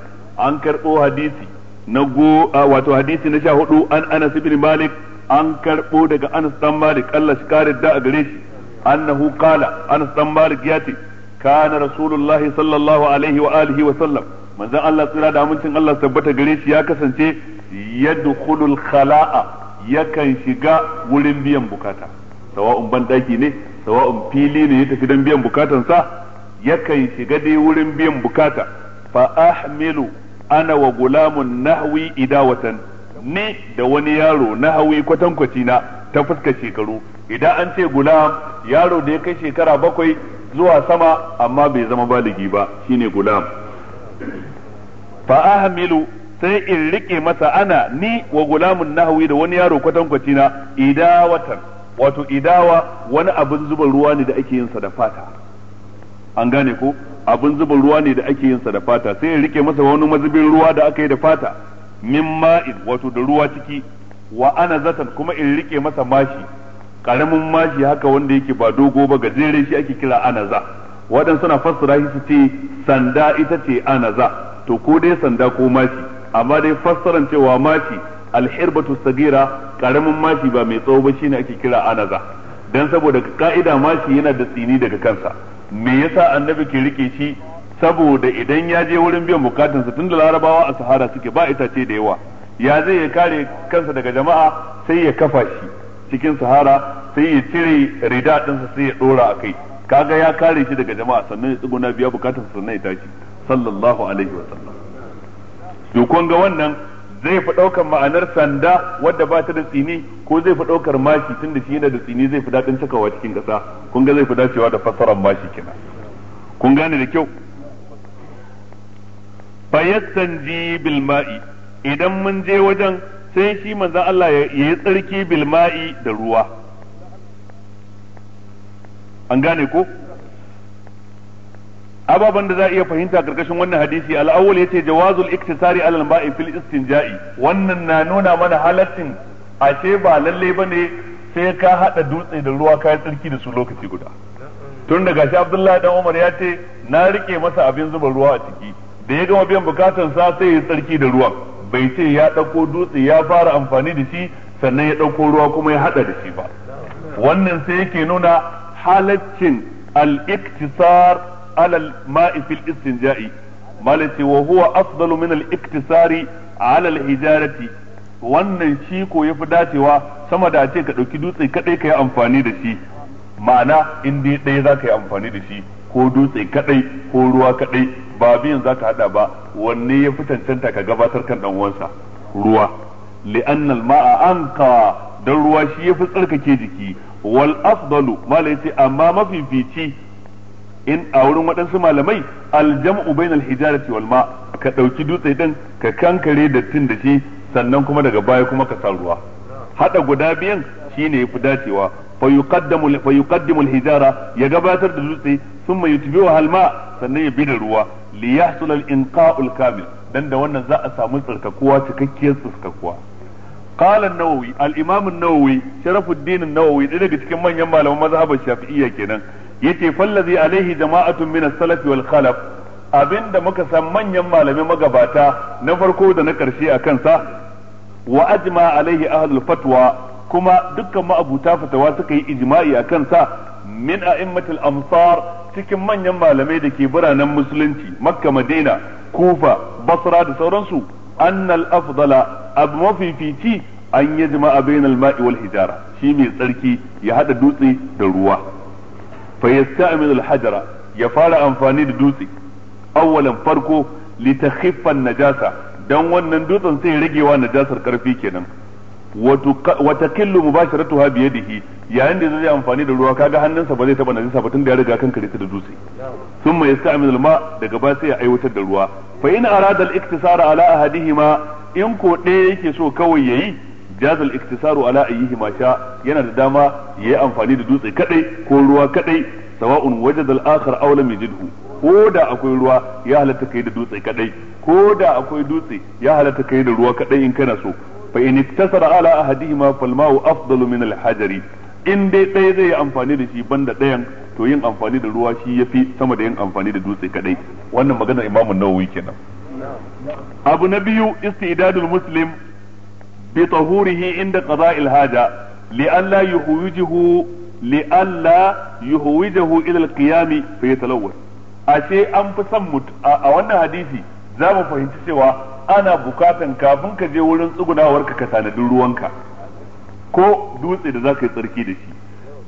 أنكر أو حديثي نقو واتو حديثي نشاهد أن أنس بن مالك أنكر أو دقى أنس بن مالك الله شكار الداء قريش أنه قال أنس بن مالك ياتي kana rasulullahi sallallahu alaihi wa wa sallam manzon Allah tsira da amincin Allah tabbata gare shi ya kasance yadkhulul khala'a yakan shiga wurin biyan bukata sawa'un ban ne sawa'un fili ne ya tafi dan biyan bukatansa yakan shiga dai wurin biyan bukata fa'amilu ana wa gulamun nahwi idawatan ni da wani yaro nahwi kwatankwaci na ta fuska shekaru idan an ce gulam yaro da ya kai shekara bakwai zuwa sama amma bai zama baligi ba shine gulam fa ahmilu sai in rike masa ana ni wa gulamun nahwi da wani yaro kwatankwaci na idawatan wato idawa wani abin zuba ruwa ne da ake yin sa da fata an gane ko abin zuba ruwa ne da ake yin sa da fata sai in rike masa wani mazubin ruwa da aka yi da fata min ma'in wato da ruwa ciki wa ana zatan kuma in rike masa mashi karamin mashi haka wanda yake ba dogo ba gajere shi ake kira anaza waɗansu suna fassara shi su ce sanda ita ce anaza to ko dai sanda ko mashi amma dai fassaran cewa mashi alhirbatu sagira karamin mashi ba mai tsawo ba shine ake kira anaza dan saboda ka'ida mashi yana da tsini daga kansa me yasa annabi ke rike shi saboda idan ya je wurin biyan bukatun tun da larabawa a sahara suke ba ita ce da yawa ya zai ya kare kansa daga jama'a sai ya kafa shi cikin sahara sai ya cire rida ɗinsa sai ya ɗora a kai kaga ya kare shi daga jama'a sannan ya tsuguna biya bukatar sannan ya tashi sallallahu alaihi sallam to kun ga wannan zai fi ɗaukar ma'anar sanda wadda ba ta da tsini ko zai fi ɗaukar mashi tunda shi yana da tsini zai fi daɗin cakawa cikin ƙasa kun ga zai fi dacewa da fassarar mashi kenan kun gane da kyau fayastan bil ma'i idan mun je wajen sai shi manzo Allah ya yi tsarki bilma'i da ruwa an gane ko ababan da za iya fahimta karkashin wannan hadisi ya yace jawazul iktisari alal ma'i fil istinja'i wannan na nuna mana halattin ashe ba lalle ne sai ka hada dutse da ruwa ka tsarki da su lokaci guda tun daga shi Abdullahi dan Umar ya ce na rike masa abin zuba ruwa a ciki da ya gama biyan bukatun sa sai ya tsarki da ruwan bai ce ya ɗauko dutse ya fara amfani da shi sannan ya ɗauko ruwa kuma ya haɗa da shi ba wannan sai yake nuna halaccin al-iktisar alal ma'i fil istinja'i malaci wa huwa afdalu min al-iktisari alal hijarati wannan shi ko yafi dacewa sama da ce ka ɗauki dutse kaɗai ka yi amfani da shi ma'ana in dai ɗaya za ka yi amfani da shi ko dutse kaɗai ko ruwa kaɗai. ba za zaka hada ba wanne ya fi cancanta ka gabatar kan dan uwansa ruwa annal ma'a anqa dan ruwa shi ya yafi tsarkake jiki wal afdalu mala ce amma mafifici in a wurin waɗansu malamai aljam'u bainal hijarati wal ma ka dauki dutse din ka kankare dattin da shi sannan kuma daga baya kuma ka sa ruwa hada guda biyan shine yafi dacewa fa yuqaddamu fa hijara ya gabatar da dutse thumma yutbi'u halma sannan ya bi da ruwa li yahsul al-inqa'u al-kamil dan da wannan za a samu tsarkakuwa cikakkiyar tsarkakuwa قال النووي الامام النووي شرف الدين النووي ɗaya daga cikin manyan maza ba shafi'iyya kenan yace fallazi alaihi jama'atun min as-salaf wal khalaf abinda muka san manyan malamai magabata na farko da na karshe a kansa wa ajma alaihi ahlul fatwa kuma dukkan ma'abuta fatawa suka yi ijma'i a sa min a'immatul amsar cikin manyan malamai da ke biranen musulunci makka madina kufa basra da sauransu annal afdala abu mafifici an yi jima'a bainal ma'i wal hijara shi mai tsarki ya hada dutse da ruwa fa yasta'mil al hajara ya fara amfani da dutse awwalan farko li najasa dan wannan dutsen sai ragewa najasar karfi kenan wa takillu mubasharatuha da yadihi yayin da zai amfani da ruwa kaga hannunsa ba zai taba najisa ba tunda ya riga kan kare da dutse thumma yasta'milu al-ma daga ba sai ya aiwatar da ruwa fa in arada al-iktisar ala ahadihima in ko ɗaya yake so kawai yayi jazal al-iktisaru ala ayyihima sha yana da dama yayi amfani da dutse kadai ko ruwa kadai sawa'un wajada al-akhar aw lam yajidhu ko da akwai ruwa ya halatta kai da dutse kadai ko da akwai dutse ya halatta kai da ruwa kadai in kana so fa in iktasara ala ahadihima fal ma'u in dai ɗaya zai yi amfani da shi banda ɗayan to yin amfani da ruwa shi yafi sama da yin amfani da dutse kadai wannan maganar imamu nawawi kenan abu na biyu istidadul muslim bi inda qada'il Ilhaja li alla yuhwijuhu li ila al qiyam fa yatalawwal ashe an fi son a wannan hadisi za mu fahimci cewa ana bukatan kafin ka je wurin tsugunawar ka ka sanadin ruwanka ko dutse da zaka yi tsarki da shi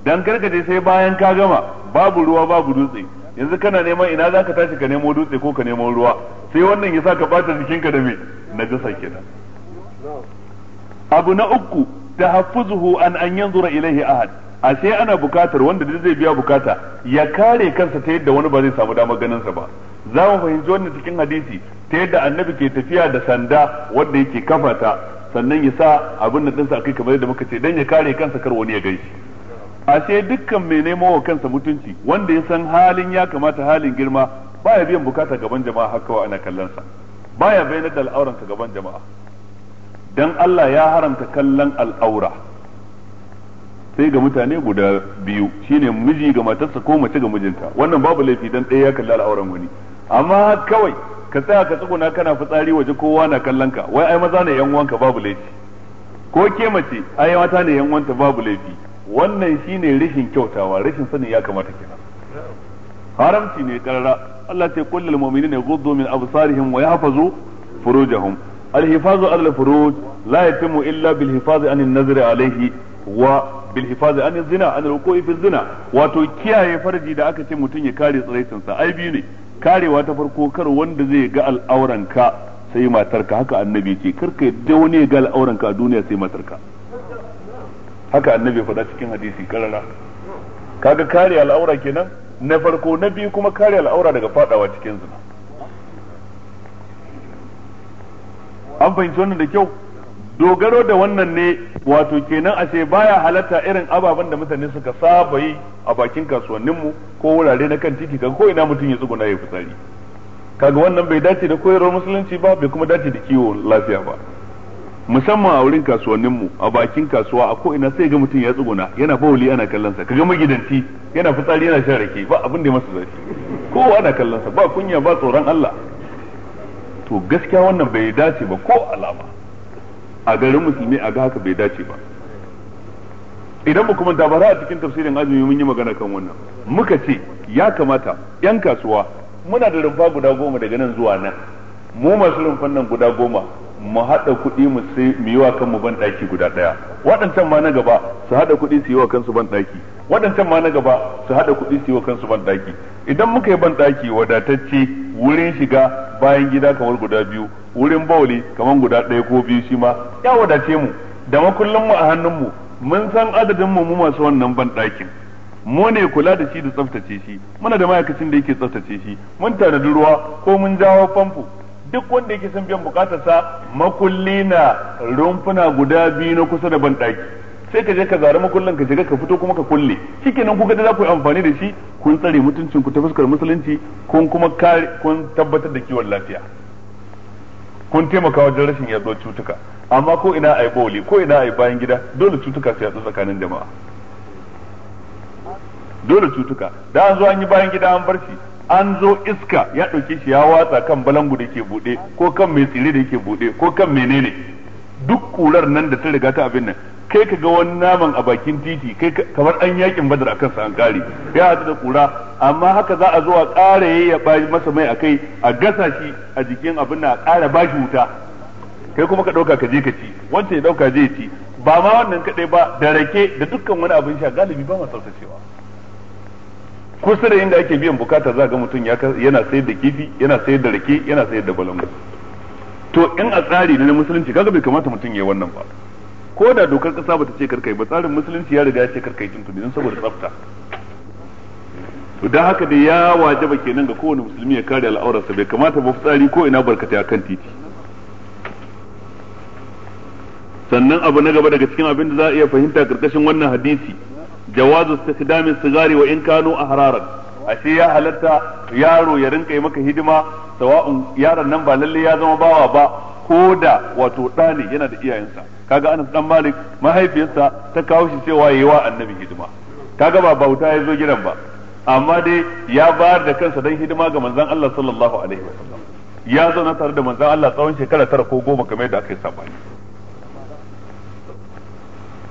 dan gargaje sai bayan ka gama babu ruwa babu dutse yanzu kana neman ina zaka tashi ka nemo dutse ko ka nemo ruwa sai wannan ya sa ka bata jikinka da me gasa kenan abu na uku tahaffuzuhu an an yanzura ilaihi ahad sai ana bukatar wanda duk zai biya bukata ya kare kansa ta yadda wani ba zai samu damar ganin sa ba za mu fahimci wannan cikin hadisi ta yadda annabi ke tafiya da sanda wanda yake kafa sannan ya sa abin da dinsa akai kamar yadda muka ce dan ya kare kansa kar wani ya gaishe ashe dukkan mai nemo wa kansa mutunci wanda ya san halin ya kamata halin girma baya biyan bukata gaban jama'a haka wa ana kallon sa baya bayyana da al'auransa gaban jama'a dan Allah ya haramta kallon al'aura sai ga mutane guda biyu shine miji ga matarsa ko mace ga mijinta wannan babu laifi dan ɗaya ya kalli al'auran wani amma kawai ka tsaya ka tsuguna kana fitsari waje kowa na kallon ka wai ai maza ne yan uwanka babu laifi ko ke mace ai mata ne yan uwanta babu laifi wannan shine rashin kyautawa rashin sanin ya kamata kenan haramci ne karara Allah ta kullu lil mu'minina yaghuddu min absarihim wa yahfazu furujahum الحفاظ على الفروج لا يتم إلا بالحفاظ عن النظر عليه وبالحفاظ zina الزنا عن الوقوع في zina wato kiyaye farji da aka ce mutum ya kare tsiraitinsa ai biyu ne karewa ta farko kar wanda zai ga al'auranka sai matarka haka annabi ce kar ka yadda wani ya ga al'auranka a duniya sai matarka haka annabi faɗa cikin hadisi karara kaga kare al'aura kenan na farko na biyu kuma kare al'aura daga fadawa cikin zina an fahimci wannan da kyau dogaro da wannan ne wato kenan ashe baya halatta irin ababen da mutane suka saba yi a bakin kasuwanninmu ko wurare na kan titi kaga ko ina mutum ya tsuguna ya fitsari kaga wannan bai dace da koyarwar musulunci ba bai kuma dace da kiwo lafiya ba musamman a wurin kasuwanninmu a bakin kasuwa a ko ina sai ga mutum ya tsuguna yana bawuli ana kallon sa kaga magidanci yana fitsari yana shan rake ba abin da masa zafi kowa ana kallon sa ba kunya ba tsoron Allah to gaskiya wannan bai dace ba ko alama a garin musulmi a ga haka bai dace ba idan mu kuma dabara a cikin tafsirin azumi mun yi magana kan wannan muka ce ya kamata yan kasuwa muna da rumfa guda goma daga nan zuwa nan mu masu rumfan nan guda goma mu haɗa kuɗi mu sai mu yi wa kanmu ban ɗaki guda ɗaya waɗancan ma na gaba su haɗa kuɗi su yi wa kansu ban ɗaki waɗancan ma na gaba su haɗa kuɗi su yi wa kansu ban ɗaki idan muka yi ban ɗaki wadatacce wurin shiga bayan gida kamar guda biyu wurin bauli kamar guda ɗaya ko biyu shi ma ya wadace mu da makullin mu a hannun mu mun san adadin mu mu masu wannan ban ɗakin mu ne kula da shi da tsaftace shi muna da ma'aikacin da yake tsaftace shi mun tanadi ruwa ko mun jawo famfo duk wanda yake son biyan bukatarsa makulli na rumfuna guda biyu na kusa da banɗaki sai ka je ka zara makullin ka shiga ka fito kuma ka kulle shikenan kuka da za ku yi amfani da shi kun tsare mutuncin ku ta fuskar musulunci kun kuma kare kun tabbatar da kiwon lafiya kun taimaka wajen rashin yaduwar cutuka amma ko ina a yi boli ko ina a yi bayan gida dole cutuka su yatsu tsakanin jama'a dole cutuka da an zo an yi bayan gida an bar shi an zo iska ya ɗauki shi ya watsa kan balangu da ke buɗe ko kan mai tsire da yake buɗe ko kan menene duk kurar nan da ta riga ta abin nan kai ka ga wani naman a bakin titi kai kamar an yakin badar akan sa an kare ya hadu da kura amma haka za a zo a ƙara ya ba masa mai akai a gasa shi a jikin abin nan a ƙara ba shi wuta kai kuma ka ɗauka ka je ka ci wancan ya ɗauka zai ci ba ma wannan kaɗai ba da rake da dukkan wani abin sha galibi ba ma sautacewa kusa da inda ake biyan bukata za ga mutum yana sayar da kifi yana sayar da rake yana sayar da balangu to in a tsari na musulunci kaga bai kamata mutum ya yi wannan ba ko da dokar kasa bata ce karkai ba tsarin musulunci ya riga ya ce karkai tun tuni saboda tsafta to dan haka da ya wajaba kenan ga kowane musulmi ya kare al'aurarsa bai kamata ba tsari ko ina barkatai akan titi sannan abu na gaba daga cikin abin da za a iya fahimta karkashin wannan hadisi jawazu istikdami sigari wa in kanu ahraran ashe ya halatta yaro ya rinka yi maka hidima sawa'un yaron nan ba lalle ya zama bawa ba ko da wato ɗa yana da iyayensa kaga Anas dan Malik mahaifiyarsa ta kawo shi cewa yayi wa annabi hidima kaga ba bauta ya zo gidan ba amma dai ya bayar da kansa dan hidima ga manzon Allah sallallahu alaihi wa sallam ya zauna tare da manzon Allah tsawon shekara tara ko goma kamar yadda aka yi sabani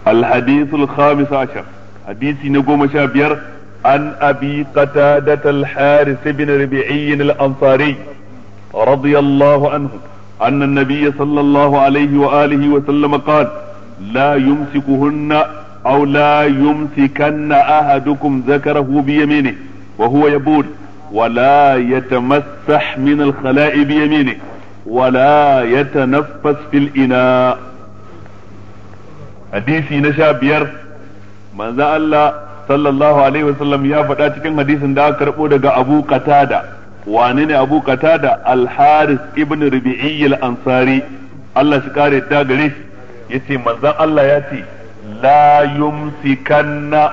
al-hadithul khamis ashar حديثي نقوم شابير عن أبي قتادة الحارث بن ربيعي الأنصاري رضي الله عنه أن النبي صلى الله عليه وآله وسلم قال لا يمسكهن أو لا يمسكن أحدكم ذكره بيمينه وهو يبول ولا يتمسح من الخلاء بيمينه ولا يتنفس في الإناء حديثي نشا بير manzo Allah sallallahu alaihi wasallam ya faɗa cikin hadisin da aka karɓo daga Abu Qatada wane ne Abu Qatada Al-Haris ibn Rubi'i Al-Ansari Allah shi kare ta gare shi yace manzon Allah ya ce la yumsikanna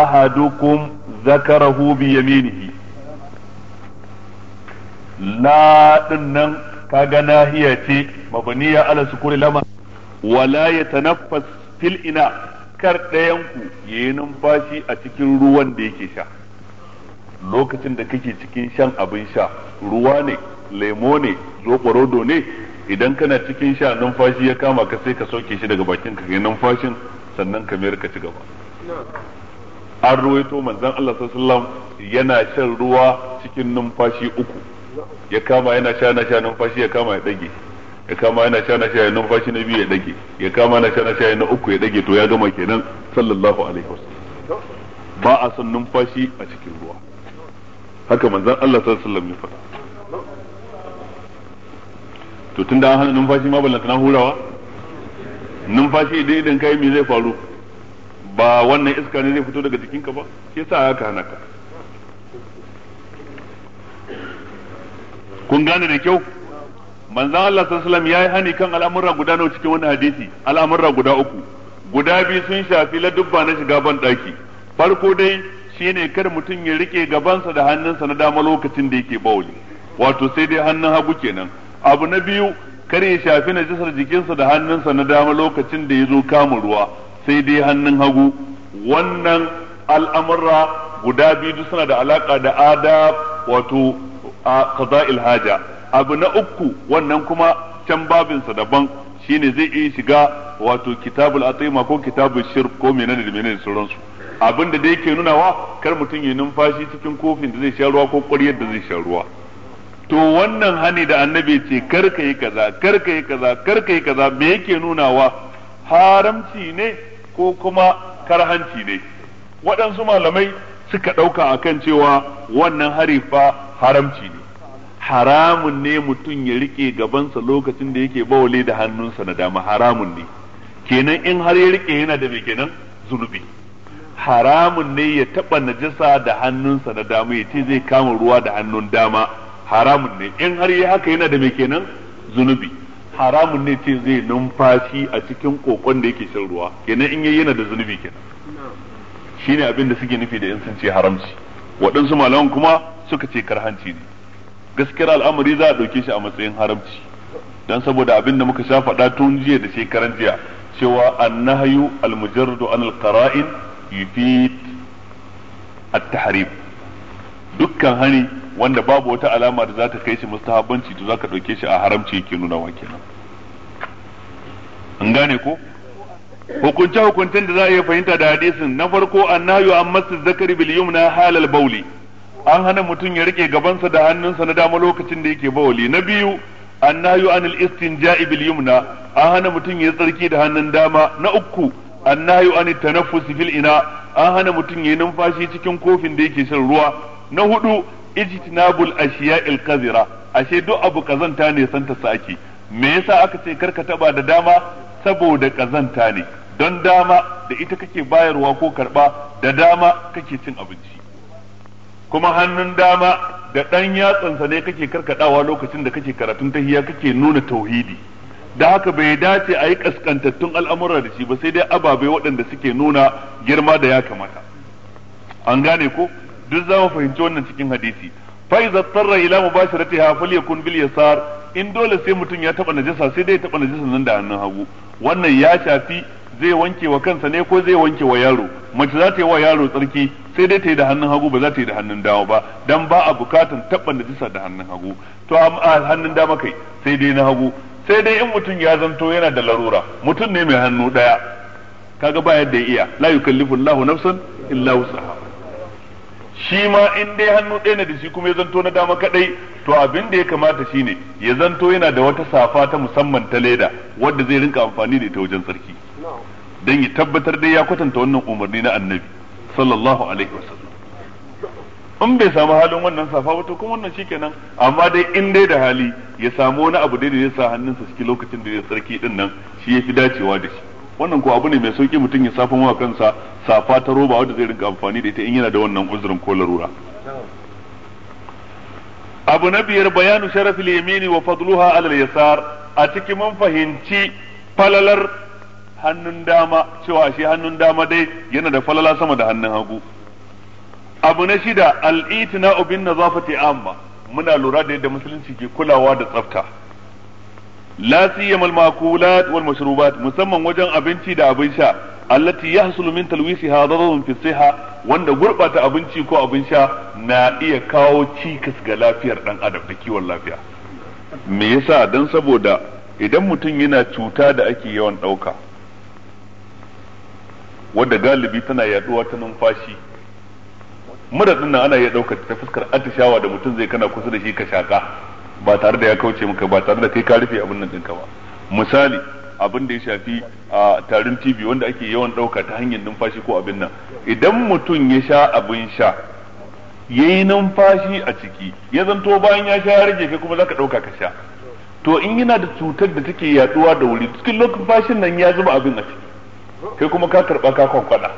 ahadukum zakarahu bi yaminihi la dinnan kaga nahiya ce mabniya ala sukuri lama wala yatanaffas fil ina kar ɗayanku ya yi numfashi a cikin ruwan da yake sha lokacin da kake cikin shan abin sha ruwa ne lemo ne zoɓarodo ne idan kana cikin sha numfashi ya kama ka sai ka sauke shi daga bakin ka numfashin sannan ka mayar ka ci gaba an ruwaito manzon Allah sallallahu yana shan ruwa cikin numfashi uku ya kama yana sha na sha numfashi ya kama ya ɗage. ya kama yana sha na shayi numfashi na biyu ya dage ya kama yana sha na shayi na uku ya dage to ya gama kenan sallallahu alaihi wasallam ba a son numfashi a cikin ruwa haka manzon Allah sallallahu alaihi wasallam ya faɗa to tunda an hana numfashi ma ballanta na hurawa numfashi idan idan kai me zai faru ba wannan iska ne zai fito daga jikinka ba shi yasa aka hana ka kun gane da kyau manzon Allah sallallahu ya yi hani kan al'amurra guda nawa cikin wani hadisi al'amurra guda uku guda biyu sun shafi ladubba na shiga ban daki farko dai shine kar mutum ya rike gabansa da hannunsa na dama lokacin da yake bawli wato sai dai hannun hagu kenan abu na biyu kar ya shafi najisar jikinsa da hannunsa na dama lokacin da ya zo kama ruwa sai dai hannun hagu wannan al'amurra guda biyu suna da alaka da adab wato a qada'il haja abu na uku wannan kuma can babinsa daban shine zai iya shiga wato kitabul atima ko kitabul shir ko menene da menene sauransu abin da dai ke wa, kar mutum ya numfashi cikin kofin da zai sha ruwa ko ƙuryar da zai sha ruwa to wannan hani da annabi ce kar ka yi kaza kar ka yi kaza kar ka yi kaza me yake wa haramci ne ko kuma karhanci ne waɗansu malamai suka ɗauka akan cewa wannan harifa haramci ne haramun ne mutum ya rike gabansa lokacin da yake bawale da hannunsa na dama haramun ne kenan in har ya rike yana da mai kenan zunubi haramun ne ya taba najasa da hannunsa na dama ya ce zai kama ruwa da hannun dama haramun ne in har ya haka yana da mai kenan zunubi haramun ne ce zai numfashi a cikin kokon da yake shan ruwa kenan in yayi yana da zunubi kenan shine abin da suke nufi da in sun ce haramci waɗansu malaman kuma suka ce karhanci ne gaskiyar al'amari za a ɗauke shi a matsayin haramci don saboda abin da muka sha faɗa tun jiya da shekaran jiya cewa annahyu almujarradu an alqara'in yufid at-tahrim dukkan hani wanda babu wata alama da za ta kai shi mustahabanci to zaka ɗauke shi a haramci yake nuna wa kenan an gane ko hukunce hukuncen da za a iya fahimta da hadisin na farko nahayu an masu zakari bil yumna halal bauli an hana mutum ya rike gabansa da hannunsa na dama lokacin da yake bawali na biyu annahyu anil istinja'i bil yumna an hana mutum ya tsarki da hannun dama na uku annahyu anit tanaffus fil ina an hana mutum ya numfashi cikin kofin da yake shan ruwa na hudu ijtinabul ashiya'il kazira ashe duk abu kazanta ne santa sa ake me yasa aka ce karka taba da dama saboda kazanta ne don dama da ita kake bayarwa ko karba da dama kake cin abinci kuma hannun dama da ɗan yatsansa ne kake karkaɗawa lokacin da kake karatun tahiya kake nuna tauhidi da haka bai dace a yi ƙasƙantattun al'amura da shi ba sai dai ababai waɗanda suke nuna girma da ya kamata an gane ko duk za mu fahimci wannan cikin hadisi fa iza tarra ila da ta bil yasar in dole sai mutum ya taba najasa sai dai ya najasa nan da hannun hagu wannan ya shafi zai wanke wa kansa ne ko zai wanke wa yaro mace za ta yi wa yaro tsarki sai dai ta yi da hannun hagu ba za ta yi da hannun dama ba dan ba a bukatan taɓa jisa da hannun hagu to a hannun dama kai sai dai na hagu sai dai in mutum ya zanto yana da larura mutum ne mai hannu ɗaya kaga ba yadda ya iya la yukallifu Allahu nafsan illa wusaha shi ma in dai hannu ɗaya na da shi kuma ya zanto na dama kaɗai to abin da ya kamata shine ya zanto yana da wata safa ta musamman ta leda wadda zai rinka amfani da ita wajen tsarki don ya tabbatar dai ya kwatanta wannan umarni na annabi sallallahu alaihi wasallam in bai samu halin wannan safa ba to kuma wannan shikenan amma dai in dai da hali ya samu wani abu dai da zai sa hannunsa cikin lokacin da zai sarki din nan shi ya fi dacewa da shi wannan ko abu ne mai sauki mutum ya safa wa kansa safa ta roba wanda zai rinka amfani da ita in yana da wannan uzurin ko larura abu na biyar bayanu sharafil yamini wa fadluha alal yasar a cikin mun fahimci falalar hannun dama cewa shi hannun dama dai yana da falala sama da hannun hagu abu na shida al'itina'u za nazafati amma muna lura da yadda musulunci ke kulawa da tsafta la siyama al-makulat wal mashrubat musamman wajen abinci da abin sha allati yahsulu min talwisiha dararun fi siha wanda gurɓata abinci ko abin sha na iya kawo cikas ga lafiyar ɗan adam da kiwon lafiya me yasa dan saboda idan mutum yana cuta da ake yawan ɗauka. wadda galibi tana yaduwa ta numfashi mura nan ana iya daukar ta fuskar atishawa da mutum zai kana kusa da shi ka shaka ba tare da ya kauce maka ba tare da kai ka rufe abin nan ɗinka ba misali abin da ya shafi a tarin TV wanda ake yawan ɗauka ta hanyar numfashi ko abin nan idan mutum ya sha abin sha ya yi numfashi a ciki ya zanto bayan ya sha ya rage kai kuma zaka ɗauka ka sha to in yana da cutar da take yaduwa da wuri cikin lokacin nan ya zuba abin a ciki kai kuma ka karɓa ka kwankwada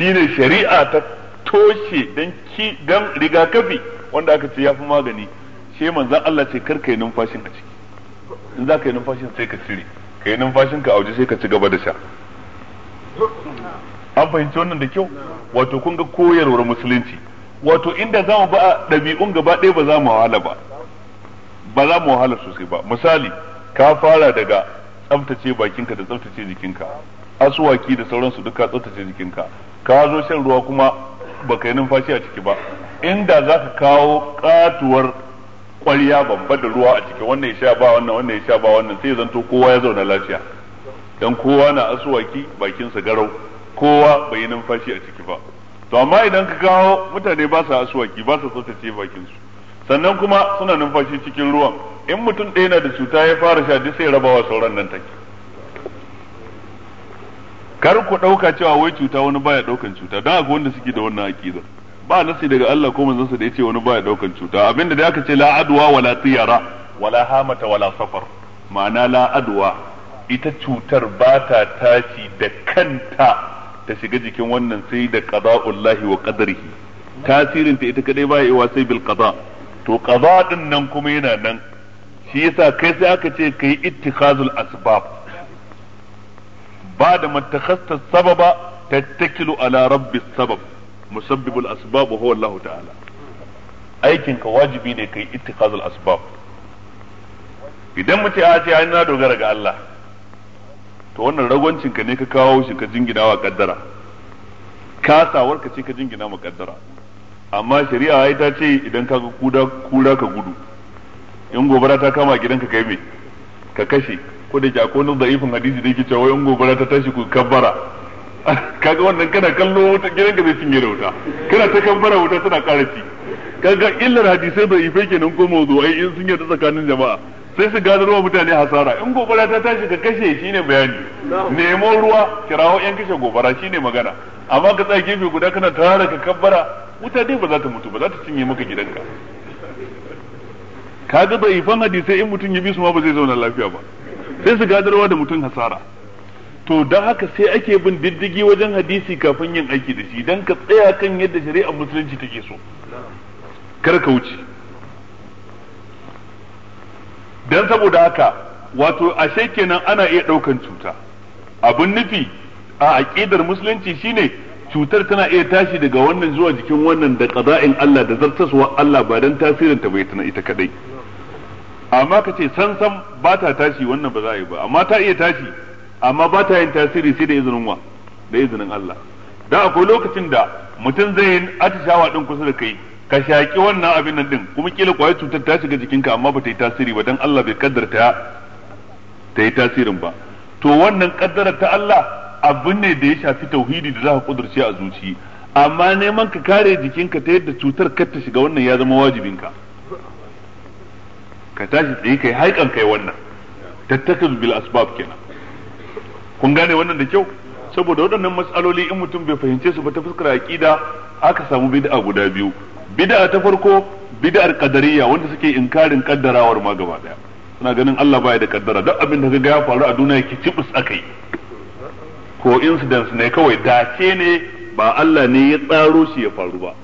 ne shari'a ta toshe don ki dan rigakafi wanda aka ce ya fi magani shi manzan Allah ce kar kai numfashin a ciki in za ka yi numfashin sai ka cire ka yi numfashin ka auji sai ka ci gaba da sha an fahimci wannan da kyau wato kun ga koyarwar musulunci wato inda za mu ba ɗabi'un gaba ɗaya ba za mu wahala ba ba za mu wahala sosai ba misali ka fara daga tsaftace bakinka da tsaftace jikinka asuwaki da sauransu duka tsaftace jikinka ka zo shan ruwa kuma baka yi numfashi a ciki ba inda za ka kawo katuwar kwarya babba da ruwa a ciki wannan ya sha ba wannan wannan ya sha ba wannan sai zanto kowa ya zauna lafiya dan kowa na asuwaki bakinsa garau kowa bai yi numfashi a ciki ba to amma idan ka kawo mutane ba su asuwaki ba su tsaftace bakinsu sannan kuma suna numfashi cikin ruwan in mutum ɗaya na da cuta ya fara sha duk sai wa sauran nan take kar ku ɗauka cewa wai cuta wani baya ɗaukan cuta don akwai wanda suke da wannan aƙida ba nasi daga Allah ko manzansa da yace wani baya ɗaukan cuta abinda da aka ce la adwa wala tiyara wala hamata wala safar ma'ana la adwa ita cutar ba ta tashi da kanta ta shiga jikin wannan sai da qada'ullahi wa qadarihi tasirin ta ita kadai baya wa sai bil qada' to qada din nan kuma yana nan shi yasa kai sai aka ce kai ittikazul asbab ba da mattakhasta sababa tattakilu ala rabbis sabab musabbibul asbab huwa Allah ta'ala aikin ka wajibi ne kai ittikazul asbab idan ce a ce ai na dogara ga Allah to wannan ragwancin ka ne ka kawo shi ka jingina wa kaddara kasawar ka ce ka jingina ma kaddara amma shari'a ai ta ce idan ka kuda kura ka gudu in gobara ta kama gidanka kai me ka kashe ko da jako wani da'ifin hadisi da yake cewa in gobara ta tashi ku kabbara kaga wannan kana kallo wuta gidanka zai cinye da wuta kana ta kabbara wuta tana ƙara kaga illar hadisai da ife kenan ko mawdu'ai in sun yarda tsakanin jama'a sai su gadarwa mutane hasara in gobara ta tashi ka kashe shine bayani nemo ruwa kirawo yan kashe gobara shine magana amma ka tsaya gefe guda kana tare ka kabbara wuta dai ba za ta mutu ba za ta cinye maka gidanka ka ga bai ifan hadisai in mutum ya bi su ma ba zai zauna lafiya ba sai su gadarwa da mutum hasara to da haka sai ake bin diddigi wajen hadisi kafin yin aiki da shi dan ka tsaya kan yadda shari'ar musulunci take so kar ka wuce don saboda haka wato ashe kenan ana iya ɗaukan cuta abun nufi a aqidar musulunci shine cutar tana iya tashi daga wannan zuwa jikin wannan da qada'in Allah da zartaswa Allah ba dan tasirin ta bai tana ita kadai amma ka ce sansan ba ta tashi wannan ba za a yi ba amma ta iya tashi amma ba ta yin tasiri sai da izinin wa da izinin Allah da akwai lokacin da mutum zai yi atishawa din kusa da kai ka shaƙi wannan abin nan din kuma kila kwayar cutar ta shiga jikinka amma ba ta yi tasiri ba dan Allah bai kaddarta ta yi tasirin ba to wannan kaddarar ta Allah abin ne da ya shafi tauhidi da za ka kudurce a zuci amma neman ka kare jikinka ta yadda cutar kar ta shiga wannan ya zama wajibinka ka tashi tsaye kai haikan kai wannan tattakin bil asbab kenan kun gane wannan da kyau saboda waɗannan matsaloli in mutum bai fahimce su ba ta fuskar aqida aka samu bid'a guda biyu bid'a ta farko bid'ar qadariyya wanda suke inkarin kaddarawar ma gaba daya suna ganin Allah baya da kaddara duk abin da kaga ya faru a duniya ki cibus akai coincidence ne kawai dace ne ba Allah ne ya tsaro shi ya faru ba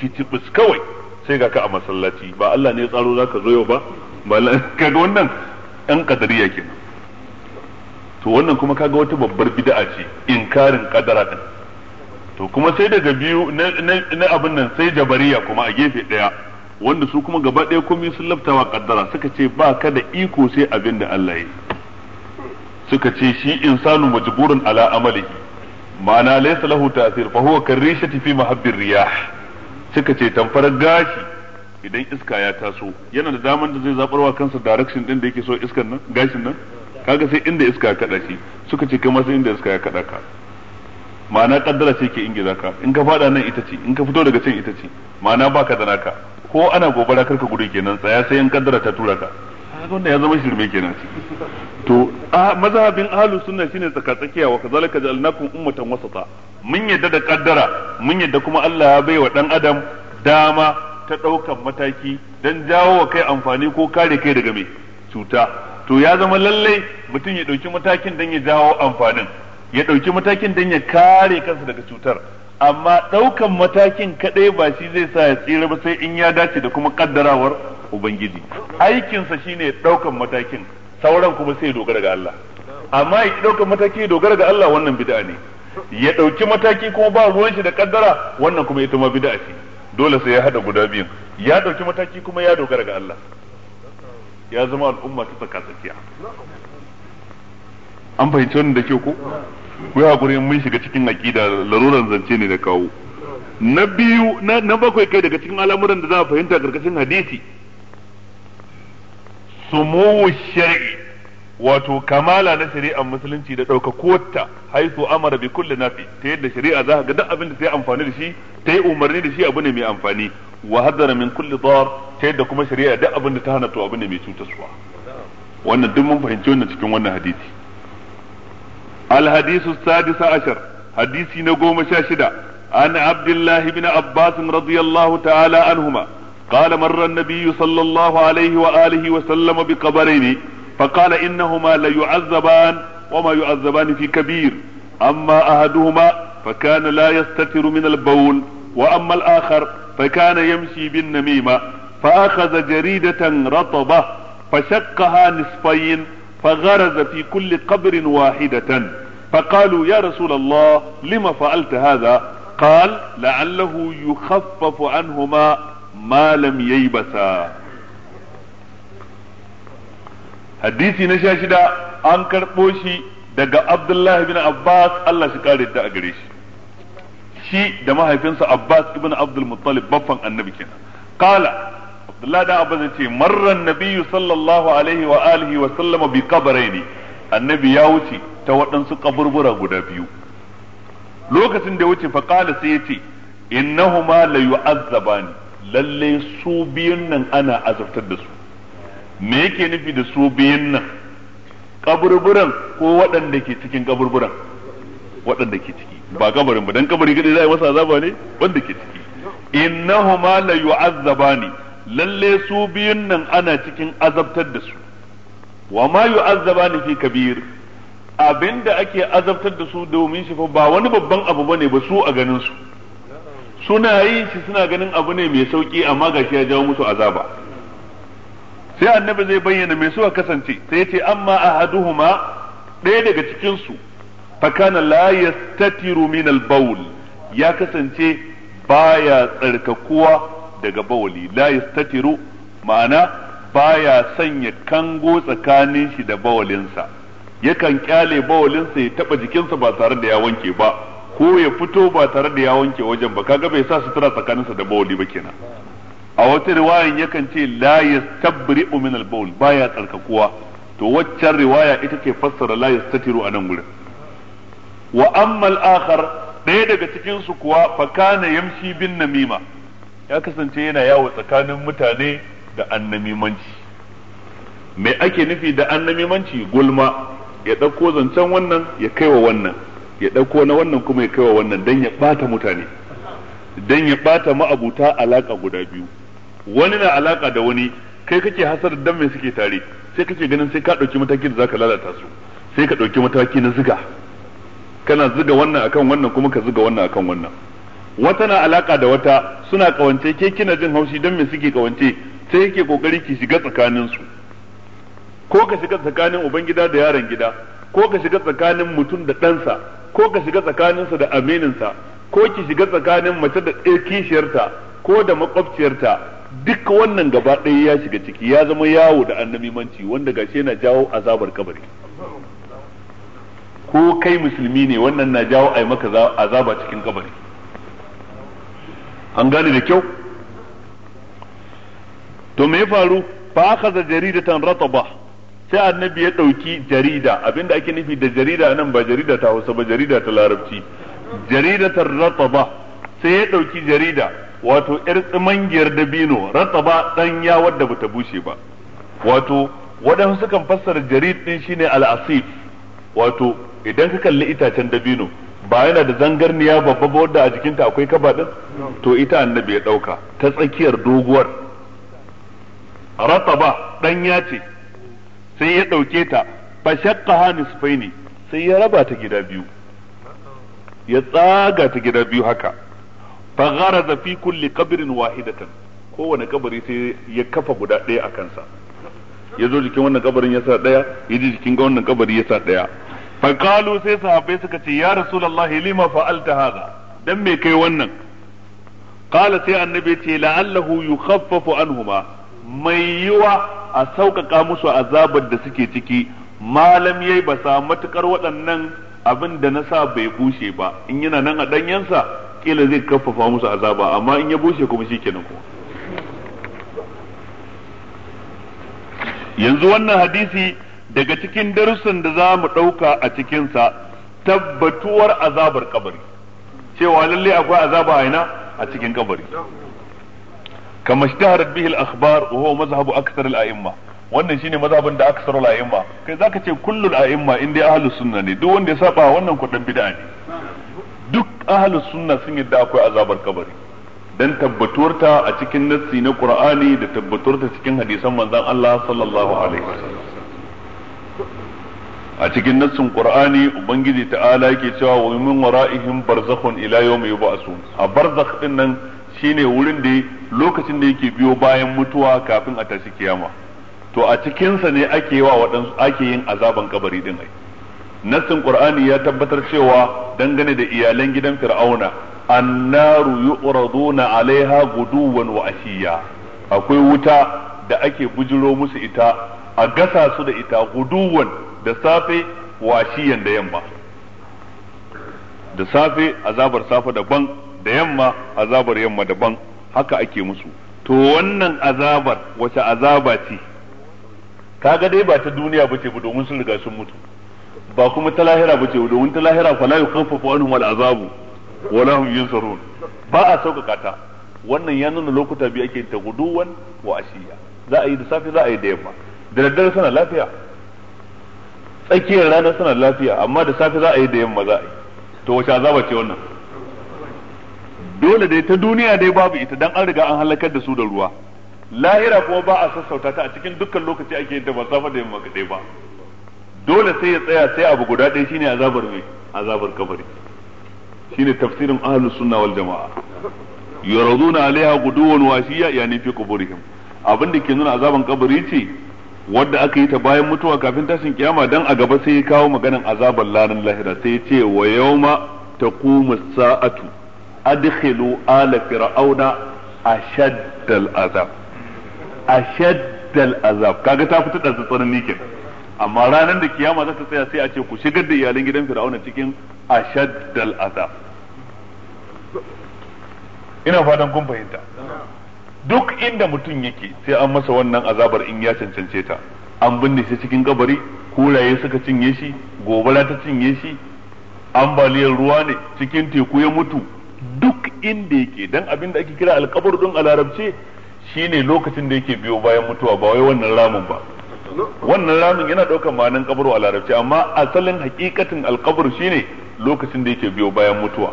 kitibus kawai sai ga ka a masallaci ba Allah ne ya tsaro za ka zo yau ba kaga wannan ɗan ya ke. to wannan kuma kaga wata babbar bid'a ce inkarin kadara din to kuma sai daga biyu na abin nan sai jabariya kuma a gefe ɗaya wanda su kuma gaba ɗaya komai sun laftawa kaddara suka ce ba ka da iko sai abin da Allah ya yi suka ce shi insanu majburun ala amali ma'ana laysa lahu ta'sir fa huwa karishati fi mahabbir riyah suka ce tamfar gashi idan iska ya taso yana da daman da zai wa kansa direction din da yake so iskan nan gashin nan kaga sai inda iska ya kada shi suka ce ma sai inda iska ya kada ka ma'ana kaddara ce ke ingiza ka in ka fada nan ita ce in ka fito daga can ita ce ma'ana baka da naka ko ana gobara karka gudu kenan tsaya sai in kaddara ta tura ka kaga ya zama shirme kenan to mazhabin ahlus sunna shine tsakatsakiya wa kazalika ja'alnakum ummatan wasata mun yadda da kaddara mun yadda kuma Allah ya bai wa dan adam dama ta daukan mataki dan jawo wa kai amfani ko kare kai daga mai cuta to ya zama lallai mutum ya dauki matakin dan ya jawo amfanin ya dauki matakin dan ya kare kansa daga cutar amma daukan matakin kadai ba shi zai sa ya tsira ba sai in ya dace da kuma kaddarawar ubangiji aikinsa shine ɗaukan matakin sauran kuma sai dogara ga Allah amma ya ɗaukan mataki dogara ga Allah wannan bid'a ne ya dauki mataki kuma ba ruwan shi da kaddara wannan kuma ita ma bid'a ce dole sai ya hada guda biyun ya dauki mataki kuma ya dogara ga Allah ya zama al'umma ta tsaka tsakiya an fahimci wannan da ke ko ku hakuri mun shiga cikin aqida laruran zance ne da kawo na biyu na bakwai kai daga cikin al'amuran da za a fahimta karkashin hadisi sumuwu shari'i wato kamala na shari'ar musulunci da ɗaukakuwarta haisu amara bi kulli nafi ta yadda shari'a za ga duk abin da sai amfani da shi ta yi umarni da shi abu ne mai amfani wa hadara min kulli dar ta yadda kuma shari'a duk abin da ta hana to abu ne mai cutarwa wannan duk mun fahimci wannan cikin wannan hadisi al hadisu sadisa ashar hadisi na goma sha shida an abdullahi bin abbas radiyallahu ta'ala anhuma قال مر النبي صلى الله عليه وآله وسلم بقبرين فقال إنهما ليعذبان وما يعذبان في كبير أما أحدهما فكان لا يستتر من البول وأما الآخر فكان يمشي بالنميمة فأخذ جريدة رطبة فشقها نصفين فغرز في كل قبر واحدة فقالوا يا رسول الله لم فعلت هذا قال لعله يخفف عنهما malam yayi basa hadisi na sha shida an karɓo shi daga abdullahi bin abbas allah shi kare ta a gare shi shi da mahaifinsa abbas ibn abdul muttalib baffan annabi kenan qala abdullahi da abbas ce marra nabiyyu sallallahu alaihi wa alihi wa sallama bi qabrayni annabi ya wuce ta waɗansu kaburbura guda biyu lokacin da ya wuce fa qala sai ya ce innahuma la yu'azzabani lalle su biyun nan ana azabtar da su me yake nufi da su biyun nan kaburburan ko waɗanda ke cikin kaburburan waɗanda ke ciki ba kabarin ba dan kabari gadi za a yi masa azaba ne wanda ke ciki innahuma la yu'azzabani lalle su biyun nan ana cikin azabtar da su wa ma yu'azzabani fi kabir abinda ake azabtar da su domin shi ba wani babban abu bane ba su a ganin su suna yin shi suna ganin abu ne mai sauki amma gashi ya jawo musu azaba sai annabi zai bayyana mai suka kasance sai yace amma a ahaduhuma ɗaya daga cikin su fakana la yastatiru min al ya kasance baya tsarkakuwa daga bawli la yastatiru ma'ana baya sanya kango tsakanin shi da bawalinsa yakan kyale bawalinsa ya taba jikinsa ba tare da ya wanke ba ko ya fito ba tare da ya wanke wajen ba kaga bai sa sutura tsakaninsa da bawli ba kenan a wata riwayan yakan ce la yastabri'u min al-bawl baya tsarkakuwa to waccan riwaya ita ke fassara la yastatiru a nan gurin wa amma al-akhar ɗaya daga cikin su kuwa fa kana yamshi bin namima ya kasance yana yawo tsakanin mutane da annamimanci me ake nufi da annamimanci gulma ya ɗauko zancen wannan ya kaiwa wannan ya ɗauko na wannan kuma ya kaiwa wannan dan ya ɓata mutane dan ya ɓata ma'abuta alaƙa guda biyu wani na alaƙa da wani kai kake hasar dan mai suke tare sai kake ganin sai ka ɗauki mataki da zaka lalata su sai ka ɗauki mataki na ziga kana ziga wannan akan wannan kuma ka ziga wannan akan wannan wata na alaƙa da wata suna ƙawance ke kina jin haushi dan mai suke ƙawance sai yake ƙoƙari ki shiga tsakanin su ko ka shiga tsakanin ubangida da yaron gida ko ka shiga tsakanin mutum da ɗansa ko ka shiga tsakaninsa da amininsa ko ki shiga tsakanin mace da kishiyarta ko da makwabciyarta duk wannan gaba ɗaya ya shiga ciki ya zama yawo da annabimanci wanda gashi yana jawo azabar kabari ko kai musulmi ne wannan na jawo a yi maka azaba cikin kabari an gane da kyau to me ya faru fa aka jaridatan rataba sai annabi ya ɗauki jarida abinda ake nufi da jarida nan ba jarida ta hausa ba jarida ta larabci jaridatar rataba sai ya ɗauki jarida wato yar tsimangiyar dabino rataba ya wadda bata bushe ba wato waɗansu sukan fassara jarid ɗin shine al'asif wato idan ka kalli itacen dabino ba yana da zangarniya babba ba wadda a jikinta akwai kaba din to ita annabi ya ɗauka ta tsakiyar doguwar rataba ɗanya ce sai ya ɗauke ta ba fa shaqqa ne sai ya raba ta gida biyu ya tsaga ta gida biyu haka fa gharaza fi kulli qabrin wahidatan kowane kabari sai ya kafa guda ɗaya a kansa ya zo jikin wannan kabarin ya sa ɗaya ya ji jikin ga wannan kabari ya sa ɗaya fa kalu sai sahabbai suka ce ya rasulullahi lima fa'alta hadha dan me kai wannan qala sai annabi ce la'allahu yukhaffafu anhuma mai yiwa a sauƙaƙa musu azabar da suke ciki malam yayi ba sa matukar waɗannan abin da na sa bai bushe ba in yana nan a ɗanyensa kila zai kaffafa musu azaba amma in ya bushe kuma shi shikenan kuma yanzu wannan hadisi daga cikin darussan da za mu ɗauka a cikinsa tabbatuwar azabar kabari cewa lallai akwai azaba a ina a cikin kabari kama ishtaharat bihi al-akhbar wa huwa mazhabu akthar wannan shine mazhabin da akthar al kai zaka ce kullul a'imma in dai ahlus sunna ne duk wanda ya saba wannan kudan bid'a ne duk ahlus sunna sun yadda akwai azabar kabari dan tabbatuwarta a cikin nassi na Qur'ani da tabbatuwarta cikin hadisan manzon Allah sallallahu alaihi wasallam a cikin nassin Qur'ani ubangiji ta'ala yake cewa wa min wara'ihim barzakhun ila yawmi yub'asun a barzakh din nan shine wurin da lokacin da yake biyo bayan mutuwa kafin a tashi kiyama to a cikinsa ne ake wa waɗansu ake yin azaban kabari din ai nassin qur'ani ya tabbatar cewa dangane da iyalan gidan fir'auna annaru yu'raduna alaiha guduwan wa ashiya akwai wuta da ake bujiro musu ita a gasa su da ita guduwan da safe wa da yamma da safe azabar safe daban da yamma azabar yamma daban haka ake musu to wannan azabar wace azaba ce kaga dai ba ta duniya bace ba domin sun riga sun mutu ba kuma ta lahira bace domin ta lahira la yukhaffafu anhum al'azabu wa lahum yunsarun ba a sauƙaƙa ta wannan ya nuna lokuta biyu ake ta guduwan wa ashiya za a yi da safe za a yi da yamma da daddare suna lafiya tsakiyar rana suna lafiya amma da safe za a yi da yamma za a yi to wace azaba ce wannan dole dai ta duniya dai babu ita dan an riga an halakar da su da ruwa lahira kuma ba a sassauta ta a cikin dukkan lokaci ake yin ta ba safa da yamma kadai ba dole sai ya tsaya sai abu guda ɗaya shine azabar mai azabar kabari shine tafsirin ahlus sunna wal jamaa yuraduna alaiha guduwan washiya yani fi quburihim abin da ke nuna azaban kabari ce wanda aka yi ta bayan mutuwa kafin tashin kiyama dan a gaba sai ya kawo maganan azabar lanin lahira sai ya ce wa yawma taqumu sa'atu adkhilu ala fir'auna ashaddal azab ashaddal azab kaga ta fita da tsanani kenan amma ranar da kiyama za ta tsaya sai a ce ku shigar da iyalan gidan fir'auna cikin ashaddal azab ina fatan kun fahimta duk inda mutum yake sai an masa wannan azabar in ya cancance ta an binne shi cikin kabari kuraye suka cinye shi gobara ta cinye shi ambaliyar ruwa ne cikin teku ya mutu duk inda yake dan abin da ake kira alkabar din a larabce shine lokacin da yake biyo bayan mutuwa ba wai wannan ramin ba wannan ramin yana ɗaukar ma'anan kabaru a larabci amma asalin hakikatin alkabar shine lokacin da yake biyo bayan mutuwa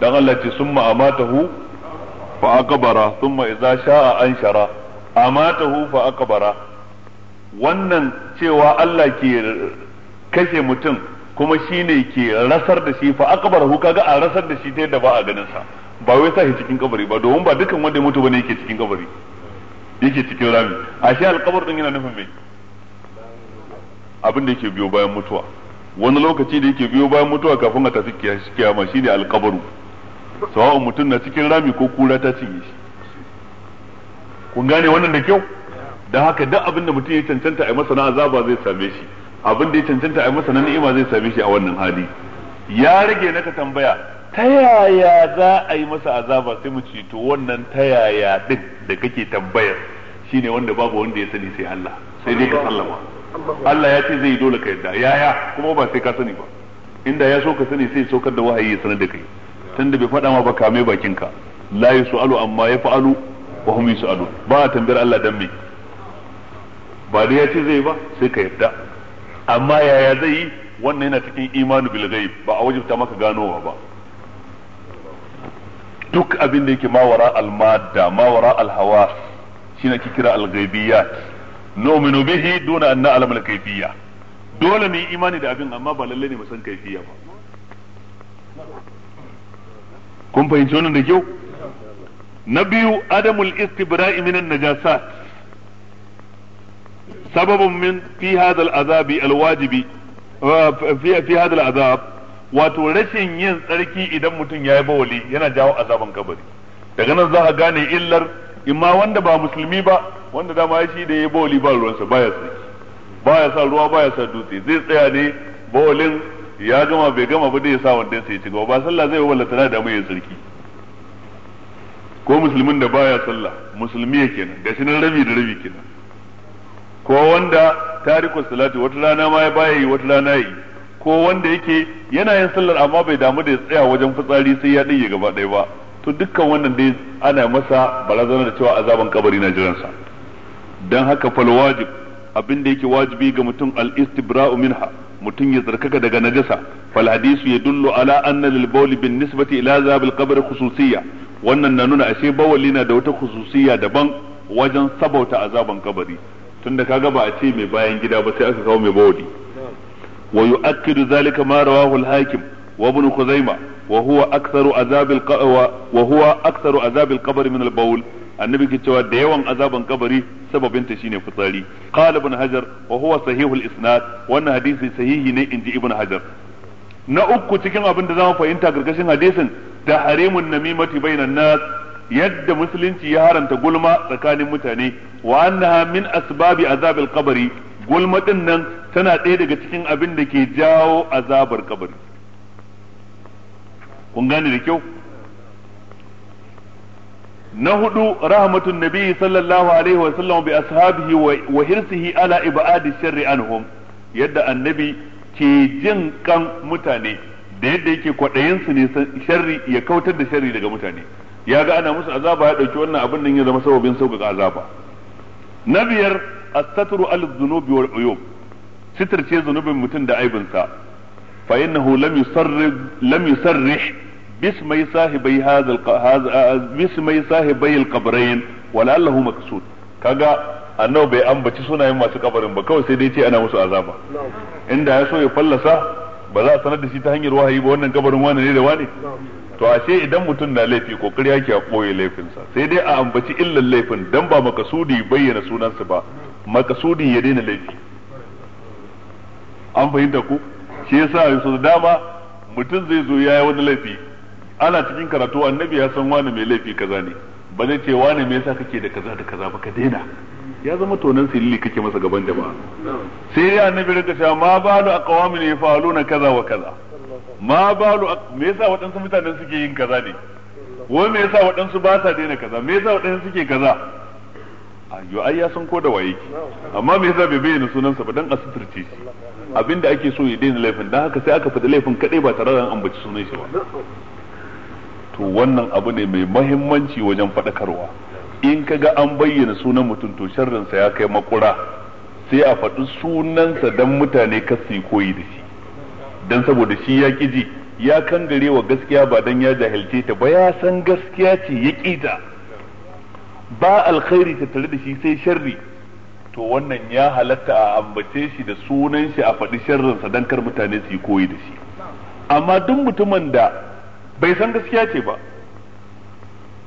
dan Allah ce summa amatahu fa akbara summa idza sha'a anshara amatahu fa akbara wannan cewa Allah ke kashe mutum kuma shi ne ke rasar da shi fa aqbarahu kaga a rasar da shi ta yadda ba a ganin sa ba wai sa shi cikin kabari ba domin ba dukan wanda ya mutu bane yake cikin kabari yake cikin rami a shi alkabar din yana nufin me abin da yake biyo bayan mutuwa wani lokaci da yake biyo bayan mutuwa kafin a tafi kiyama shine alkabaru sawa'un mutum na cikin rami ko kura ta cinye shi kun gane wannan da kyau da haka duk abin da mutum ya cancanta a masa na azaba zai same shi abin da ya cancanta a masa na ni'ima zai same shi a wannan hali ya rage naka tambaya ta yaya za a yi masa azaba sai mu ce to wannan ta yaya din da kake tambayar shine wanda babu wanda ya sani sai Allah sai dai ka sallama Allah ya ce zai dole ka yadda yaya kuma ba sai ka sani ba inda ya so ka sani sai saukar da wahayi ya sanar da kai tunda bai faɗa ma ba kame bakin ka la yusalu amma yaf'alu wa hum yusalu ba tambayar Allah dan me ba dai ya ce zai ba sai ka yadda amma yaya zai yi wannan yana cikin imanu bil ghaib ba a wajibta maka ganowa ba duk abin da yake mawara al madda mawara al hawa shine ake kira al ghaibiyat nu'minu bihi duna an na'lam al dole mu yi imani da abin amma ba lalle ne mu san kayfiyya ba kun fahimci wannan da kyau na biyu adamul istibra'i minan najasat من min fi hadal azabi alwajibi fi hadal العذاب wato rashin yin tsarki idan mutum ya yi bawali yana jawo azaban kabari daga nan za a gane illar imma wanda ba musulmi ba wanda dama ya shi da ya yi bawali ba ruwansa baya tsarki baya sa ruwa baya sa dutse zai tsaya ne bawalin ya gama bai gama ba ya sa wanda sai ci gaba ba sallah zai wala tana da mai tsarki ko musulmin da baya sallah musulmi ya kenan gashi nan rabi da rabi kenan ko wanda tariku salati wata rana ma ya baya yi wata rana yi ko wanda yake yana yin sallar amma bai damu da ya tsaya wajen fitsari sai ya dinge gaba ɗaya ba to dukkan wannan dai ana masa barazana da cewa azaban kabari na jiransa dan haka fal wajib abin da yake wajibi ga mutum al istibra'u minha mutum ya tsarkaka daga najasa fal hadisu yadullu ala anna lil bawli bin nisbati ila zabil qabr khususiyya wannan na nuna ashe bawali na da wata khususiyya daban wajen sabauta azaban kabari tunda kaga ba a ce mai bayan gida ba sai aka kawo mai bawdi wa yu'akkidu zalika ma rawahu al-hakim wa ibn khuzaimah wa huwa aktharu azab al-qawa wa huwa aktharu azab al-qabr min al-bawl annabi ke cewa da yawan azaban kabari sababin ta shine fitsari qala ibn hajar wa huwa sahihul isnad wannan hadisi sahihi ne inji ibn hajar na uku cikin abin da zamu fahimta gargashin hadisin da harimun namimati bainan nas yadda musulunci ya haranta gulma tsakanin mutane wa annaha min asbabi azabil qabri gulma din nan tana ɗaya daga cikin abin da ke jawo azabar kabari kun gane da kyau na hudu rahmatun nabi sallallahu alaihi wa sallam bi ashabihi wa hirsihi ala ibadi sharri anhum yadda annabi ke jin kan mutane da yadda yake kwadayin su ne sharri ya kautar da sharri daga mutane ya ga ana musu azaba ya dauki wannan abin nan ya zama sababin sauƙaƙa azaba na biyar astaturu al dhunubi wal uyub sitirce zunubin mutum da aibinsa fa innahu lam yusarrih lam yusarrih bismai sahibai hadha bismi sahibi al qabrayn walallahu maqsud kaga annabi bai ambaci sunayen masu kabarin ba kawai sai dai ce ana musu azaba inda ya so ya fallasa ba za a sanar da shi ta hanyar wahayi ba wannan kabarin wani ne da wani to ashe idan mutum na laifi kokari yake a koye laifinsa sai dai a ambaci illan laifin dan ba makasudi bayyana sunansa ba makasudi ya daina laifi an fahimta ku shi yasa yanzu da dama mutum zai zo yayi wani laifi ana cikin karatu annabi ya san wani mai laifi kaza ne ba zai ce wani me yasa kake da kaza da kaza ba ka daina ya zama tonan silili kake masa gaban da ba. sai ya annabi rinka cewa ma balu aqwamin yafaluna kaza wa kaza ma balu me yasa waɗansu mutanen suke yin kaza ne wai me yasa waɗansu ba sa daina kaza me yasa waɗansu suke kaza yo ai ya san ko da waye ki amma me yasa bai bayyana sunansa ba dan a suturce shi abinda ake so ya daina laifin dan haka sai aka faɗi laifin kadai ba tare da an ambaci sunan shi ba to wannan abu ne mai mahimmanci wajen fadakarwa in ka ga an bayyana sunan mutum to sharrinsa ya kai makura sai a faɗi sunansa dan mutane kasu koyi da shi Don saboda shi ya ƙiji ya kangare wa gaskiya ba don ya jahilce ta ba ya san gaskiya ce ya ƙita ba alkhairi ta tare da shi sai sharri to wannan ya halatta a ambace shi da sunan shi a faɗi sharrinsa don kar mutane su yi koyi da shi amma duk mutumin da bai san gaskiya ce ba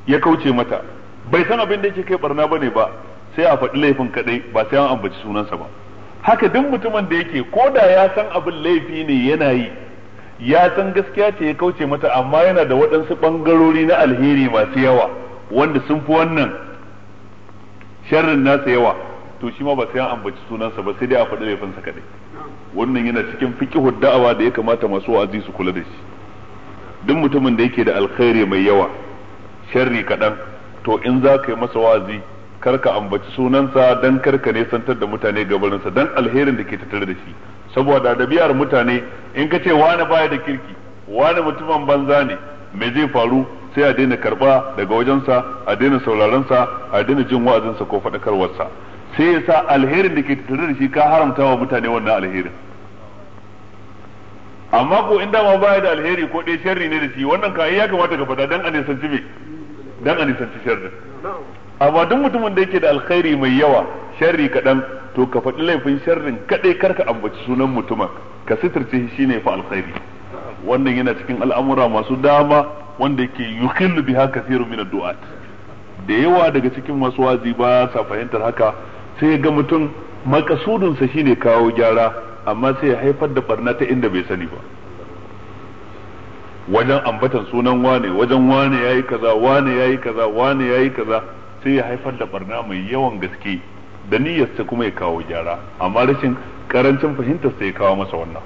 ya kauce mata bai san abin da yake kai barna ne ba sai a faɗi laifin kaɗai ba sai an ambaci sunansa ba haka duk mutumin da yake ko da ya san abin laifi ne yana yi ya san gaskiya ce ya kauce mata amma yana da waɗansu ɓangarori na alheri masu yawa wanda sun fi wannan sharrin nasa yawa to shi ma ba sai an ambaci sunansa ba sai dai a faɗi laifinsa kaɗai wannan yana cikin fiƙi da'awa da ya kamata masu wa'azi su kula da shi duk mutumin da yake da alkhairi mai yawa sharri kaɗan to in za ka yi masa wa'azi Kar ka ambaci sunansa dan karka ne santar da mutane gabarinsa dan alherin da ke tattare da shi saboda dabi'ar mutane in ka ce wani baya da kirki wani mutumin banza ne me zai faru sai a daina karba daga wajensa a daina sauraronsa a daina jin wa'azinsa ko faɗakarwarsa sai ya sa alherin da ke tattare da shi ka haramta wa mutane wannan alherin amma ko in dama baya da alheri ko dai sharri ne da shi wannan ka ya kamata ka faɗa dan a nisanci me dan a nisanci sharri amma duk mutumin da yake da alkhairi mai yawa sharri kaɗan to ka faɗi laifin sharrin kaɗai ka ambaci sunan mutumin ka sitirce shi ne fa alkhairi wannan yana cikin al'amura masu dama wanda yake yukhillu biha kathirun min ad-du'at da yawa daga cikin masu wazi ba sa fahimtar haka sai ga mutum sa shine kawo gyara amma sai ya haifar da barna ta inda bai sani ba wajen ambatan sunan wane wajen wane yayi kaza wane yayi kaza wane yayi kaza sai ya haifar da barna mai yawan gaske da niyyarsa kuma ya kawo gyara amma rashin karancin fahimtar sai ya kawo masa wannan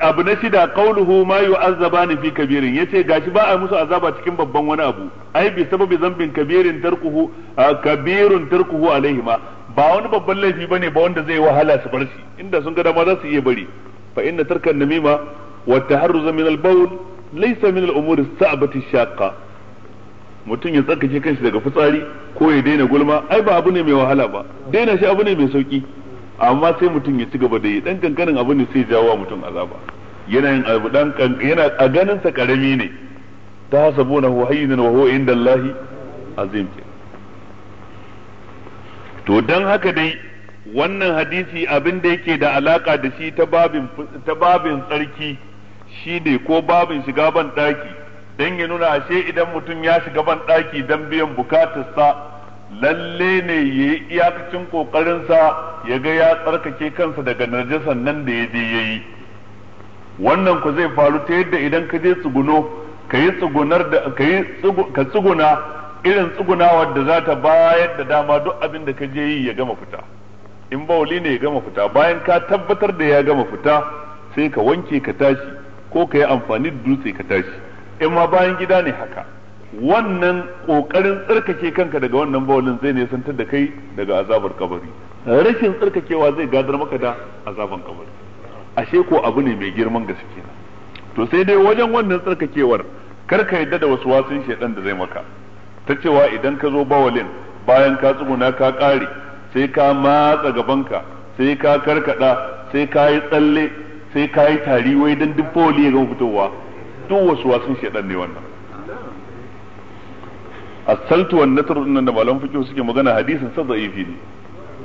abu na shida kauluhu ma yu'azzabani fi kabirin ya ce gashi ba a musu azaba cikin babban wani abu ai bi sababi zambin kabirin tarkuhu kabirin tarkuhu ba wani babban laifi bane ba wanda zai wahala su bar shi inda sun ga dama za su iya bari fa inna tarkan namima wa taharruz min al laisa min al-umuri sa'bati shaqqa mutum ya tsarkake kanshi daga fitsari ko ya daina gulma ai ba abu ne mai wahala ba daina shi abu ne mai sauki amma sai mutum ya ci gaba da yi dan kankanin abu ne sai jawo mutum azaba yana yin abu dan yana a ganin sa karami ne ta hasabuna huwa hayyun wa huwa inda Allah azim to dan haka dai wannan hadisi abin da yake da alaka da shi ta babin ta babin tsarki shi ne ko babin shiga ban daki don ya nuna ashe idan mutum ya shiga ban daki don biyan bukatarsa lalle ne ya yi iyakacin kokarinsa ya ga ya tsarkake kansa daga najasan nan da ya je ya yi wannan ku zai faru ta yadda idan ka je tsuguno ka yi tsugunar da tsuguna irin tsugunawa da za ta bayar da dama duk abin da ka je yi ya gama fita in bawali ne ya gama fita bayan ka tabbatar da ya gama fita sai ka wanke ka tashi ko ka yi amfani da dutse ka tashi in ma bayan gida ne haka wannan kokarin tsarkake kanka daga wannan bawalin zai ne santar da kai daga azabar kabari rashin tsarkakewa zai gadar maka da azaban kabari ashe ko abu ne mai girman gaske na to sai dai wajen wannan tsarkakewar kar ka yadda da wasu wasun shaidan da zai maka ta cewa idan ka zo bawalin bayan ka tsuguna ka kare sai ka matsa gabanka sai ka karkada sai ka yi tsalle sai ka yi tari wai dan duk bawali ya gama fitowa duk wasu wasan shedan ne wannan asaltu na nasr nan da malaman fiqh suke magana hadisin sa za'ifi ne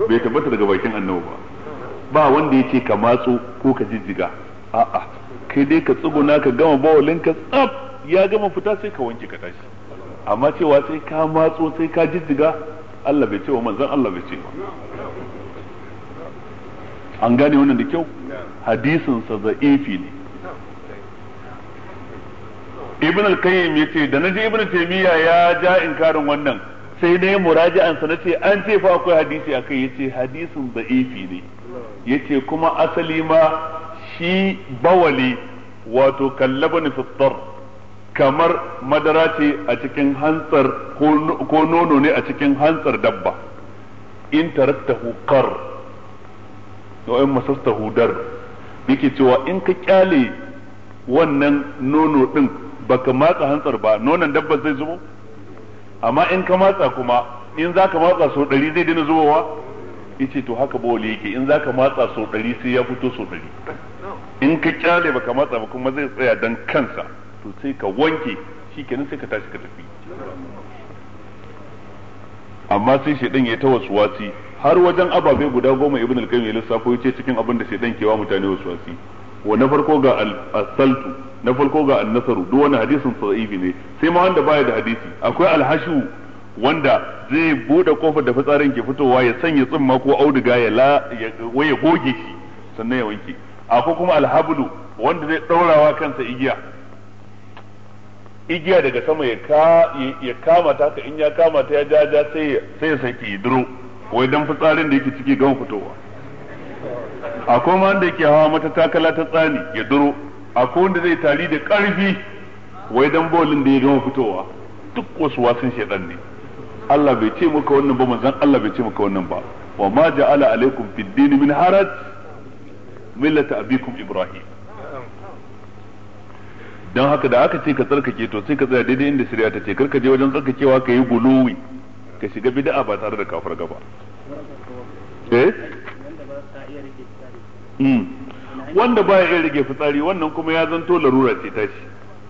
bai tabbata daga bakin annabi ba ba wanda yace ka matso ko ka jijjiga a'a kai dai ka tsuguna ka gama bawalin ka tsaf ya gama fita sai ka wanke ka tashi amma cewa sai ka matso sai ka jijjiga Allah bai ce wa manzon Allah bai ce an gane wannan da kyau hadisin sa za'ifi ne ibn al-qayyim yace da naji ibn taymiya ya ja inkarin wannan sai na muraji'an sa nace an ce fa akwai hadisi akai yace hadisin za'ifi ne yace kuma asali ma shi bawali wato kallabani fittar kamar madara ce a cikin hantsar ko nono ne a cikin hantsar dabba in tarattahu qar wa in hudar dar yake cewa in ka kyale wannan nono din baka matsa hantsar ba nonon dabbar zai zubo amma in ka matsa kuma in zaka matsa sau ɗari zai daina zubowa yace to haka bawali yake in zaka matsa sau ɗari sai ya fito sau ɗari in ka kyale baka matsa ba kuma zai tsaya dan kansa to sai ka wanke shi kenan sai ka tashi ka tafi amma sai ɗin ya ta wasu wasi har wajen ababe guda goma ibn al ya lissafo yace cikin abin da shedan kewa mutane wasu wasi wa na farko ga al-saltu na farko ga an-nasaru duk wani hadisin sahihi ne sai ma wanda baya da hadisi akwai al-hashu wanda zai bude kofar da fitsarin ke fitowa ya sanya tsimma ko auduga ya la ya goge shi sannan ya wanke akwai kuma al-hablu wanda zai daurawa kansa igiya igiya daga sama ya kama ta in ya kama ta ya jaja sai ya saki duro wai dan fitsarin da yake ciki gama fitowa akwai ma wanda yake hawa mata takala ta tsani ya duro akwai wanda zai tari da karfi wai dan bolin da ya gama fitowa duk wasu wasan shedan ne Allah bai ce muka wannan ba manzon Allah bai ce muka wannan ba wa ma ja'ala alaikum fid din min haraj millata abikum ibrahim dan haka da aka ce ka tsarkake to sai ka tsaya daidai inda shari'a ta ce karka je wajen tsarkakewa ka yi guluwi ka shiga bid'a ba tare da kafar gaba eh hmm. wanda baya iya rage fitsari wannan kuma ya zanto larura ce tashi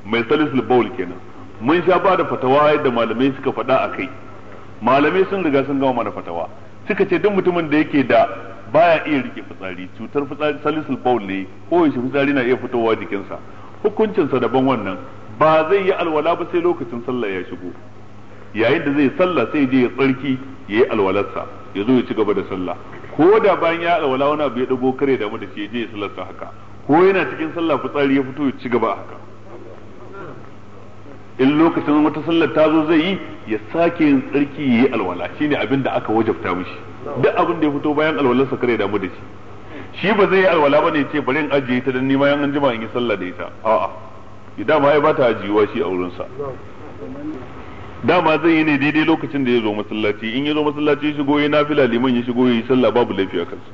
mai salisul bawl kenan mun sha ba da fatawa yadda malamai suka faɗa a kai malamai sun riga sun gama mana fatawa suka ce duk mutumin da yake da baya iya rike fitsari cutar fitsari salisul bawl ne ko yaushe fitsari na iya fitowa jikinsa hukuncinsa daban wannan ba zai yi alwala ba sai lokacin sallah ya shigo yayin da zai sallah sai je ya tsarki ya yi alwalarsa ya zo ya ci gaba da sallah ko da bayan ya alwala wani abu ya dago kare damu da shi ya je ya sallarsa haka ko yana cikin sallah fitsari ya fito ya ci gaba haka in lokacin wata sallar ta zo zai yi ya sake yin tsarki ya yi alwala shine abin da aka wajabta mishi duk abin da ya fito bayan alwalarsa kare damu da shi shi ba zai yi alwala ba ne ce bari in ajiye ta dan nima yan an jima in yi sallah da ita a'a idan ma ya bata ajiyuwa shi a wurinsa dama zai yi ne daidai lokacin da ya zo masallaci in ya zo masallaci ya shigo ya nafila liman ya shigo ya yi sallah babu laifi a kansa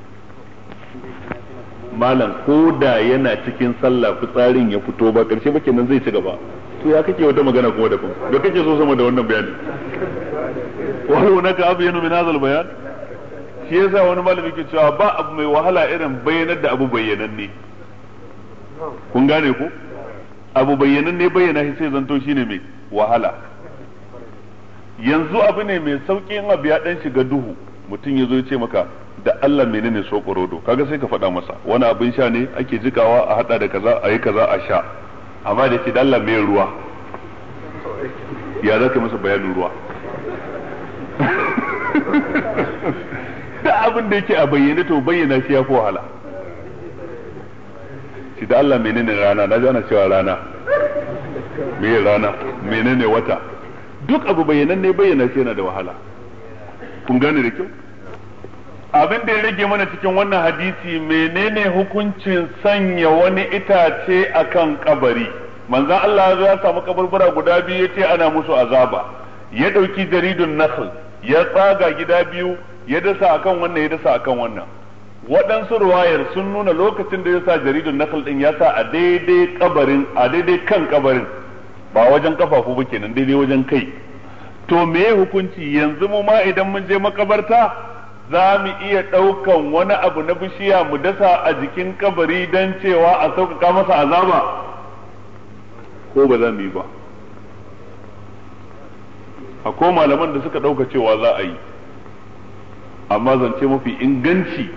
malam ko da yana cikin sallah fitsarin ya fito ba karshe ba kenan zai ci gaba to ya kake wata magana kuma da kuma da kake so sama da wannan bayani wani wani ka abu yanu min hazal bayan shi yasa wani malam yake cewa ba abu mai wahala irin bayyanar da abu bayyananne kun gane ku abu bayyananne bayyana shi sai zanto shine mai wahala yanzu abu ne mai sauƙi in abu ya ɗan shiga duhu mutum ya zo ya ce maka da Allah menene sokorodo kaga sai ka faɗa masa wani abin sha ne ake jikawa a hada da kaza a yi kaza a sha amma da ke da Allah mai ruwa ya za ka masa bayanin ruwa da abin da yake a bayyane to bayyana shi ya fi wahala shi da Allah menene rana na ji ana cewa rana me rana menene wata duk abu bayanan ne bayyana sai yana da wahala kun gane da kyau abin da ya rage mana cikin wannan hadisi menene hukuncin sanya wani itace akan kabari manzan Allah ya samu kaburbura guda biyu ya ce ana musu azaba ya ɗauki jaridun nasl ya tsaga gida biyu ya dasa akan wannan ya dasa akan wannan waɗansu ruwayar sun nuna lokacin da ya sa jaridun nasl ɗin ya sa a daidai kabarin a daidai kan kabarin ba wajen kafafu ba kenan daidai wajen kai to me hukunci yanzu mu ma idan mun je makabarta za mu iya ɗaukan wani abu na bishiya mu dasa a jikin kabari don cewa a sauƙaƙa masa azaba ko ba za mu yi ba a ko malaman da suka ɗauka cewa za a yi amma zance mafi inganci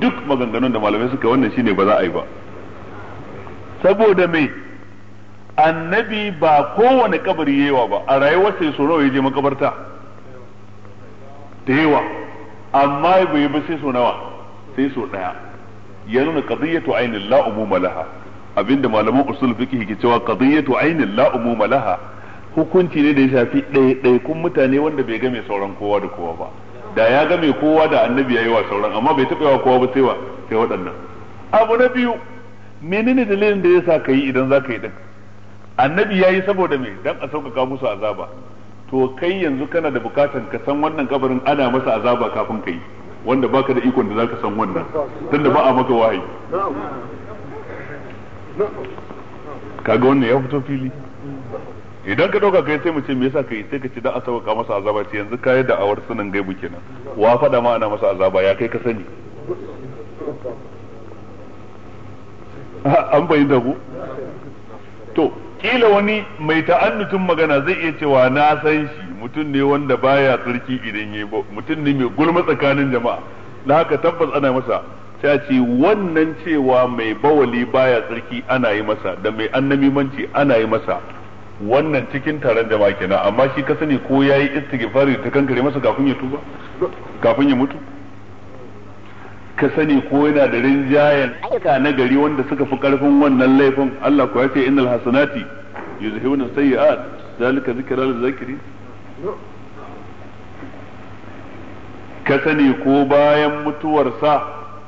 duk maganganun da malamai suka wannan shine ba za a yi ba saboda mai annabi ba kowane kabari yawa ba a rayuwarsa sau nawa ya je makabarta da yawa amma bai ba sai sau nawa sai so daya ya nuna qadiyatu ainin la umuma laha abinda malaman usul fiqh ke cewa qadiyatu ainin la umuma laha hukunci ne da ya shafi kun mutane wanda bai game sauran kowa da kowa ba da ya game kowa da annabi ya yi wa sauran amma bai taɓa yawa kowa ba sai wa sai waɗannan abu na biyu menene dalilin da ya sa ka yi idan za ka yi ɗin annabi ya yi saboda me dan a sauƙaƙa musu azaba to kai yanzu kana da bukatan ka san wannan kabarin ana masa azaba kafin kai wanda baka da ikon da zaka san wannan tunda ba a maka wahayi kaga wannan ya fito fili idan ka dauka kai sai mu ce me yasa kai sai ka ci da a sauƙaƙa masa azaba ce yanzu kai da awar sunan gaibu kenan wa faɗa ma ana masa azaba ya kai ka sani an bayyana ku to kila wani mai ta'annutun magana zai iya cewa na san shi mutum ne wanda baya tsarki idan yayi mutum ne mai gulma tsakanin jama'a na haka tabbas ana masa ta ce wannan cewa mai bawali baya tsarki ana yi masa da mai annamimanci ana yi masa wannan cikin taron jama'a kenan amma shi ka sani ko yayi istighfari ta kankare masa kafin ya tuba kafin ya mutu ka sani ko yana da rinjayen aika na gari wanda suka fi karfin wannan laifin Allah ko ya ce innal hasanati yuzhibuna sayiat zalika zikral zakiri ka sani ko bayan mutuwarsa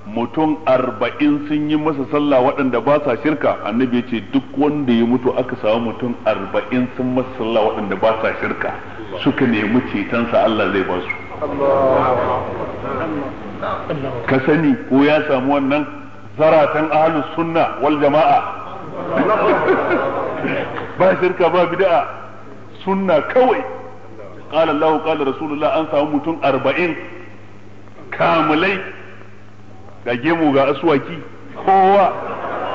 mutum arba'in sun yi masa sallah waɗanda ba sa shirka annabi ya ce duk wanda ya mutu aka samu mutum arba'in sun masa sallah waɗanda ba sa shirka suka nemi cetonsa Allah zai ba su ka sani ko ya samu wannan zaratan ahlus sunna wal jama'a ba shirka ba bid'a sunna kawai qala Allah qala rasulullah an samu mutum 40 kamulai ga gemu ga aswaki kowa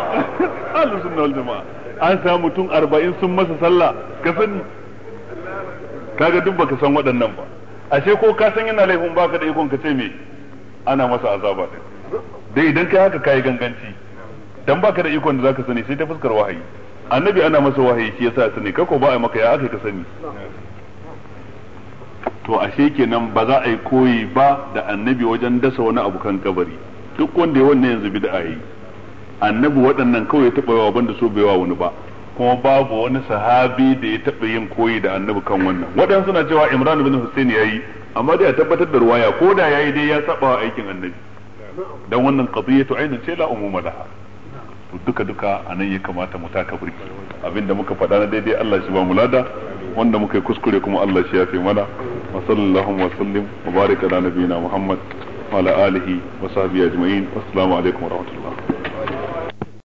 ahlus sunna wal jama'a an samu mutum 40 sun masa sallah ka sani kaga duk baka san waɗannan ba ashe ko ka san yana laifin baka da ikon ka ce me ana masa azaba din dai idan kai haka kai ganganci dan baka da ikon da zaka sani sai ta fuskar wahayi annabi ana masa wahayi shi yasa sani ko ba a maka ya aka ka sani to ashe kenan ba za a yi koyi ba da annabi wajen dasa wani abu kan kabari duk wanda ya wannan yanzu bid'a yi annabi waɗannan kawai ya taɓa yawa banda so bai wa wani ba kuma babu wani sahabi da ya taɓa yin koyi da annabi kan wannan waɗansu suna cewa imran bin hussein ya yi amma dai a tabbatar da ruwaya ko da ya yi dai ya saba aikin annabi dan wannan qadiyatu ainin ce la umuma laha to duka duka anan ya kamata mu taka burki abinda muka faɗa na daidai Allah shi ba mu lada wanda muka yi kuskure kuma Allah shi ya fi mana wa sallallahu wa sallim wa barika ala nabiyina muhammad wa ala alihi wa sahbihi ajma'in assalamu alaikum wa rahmatullah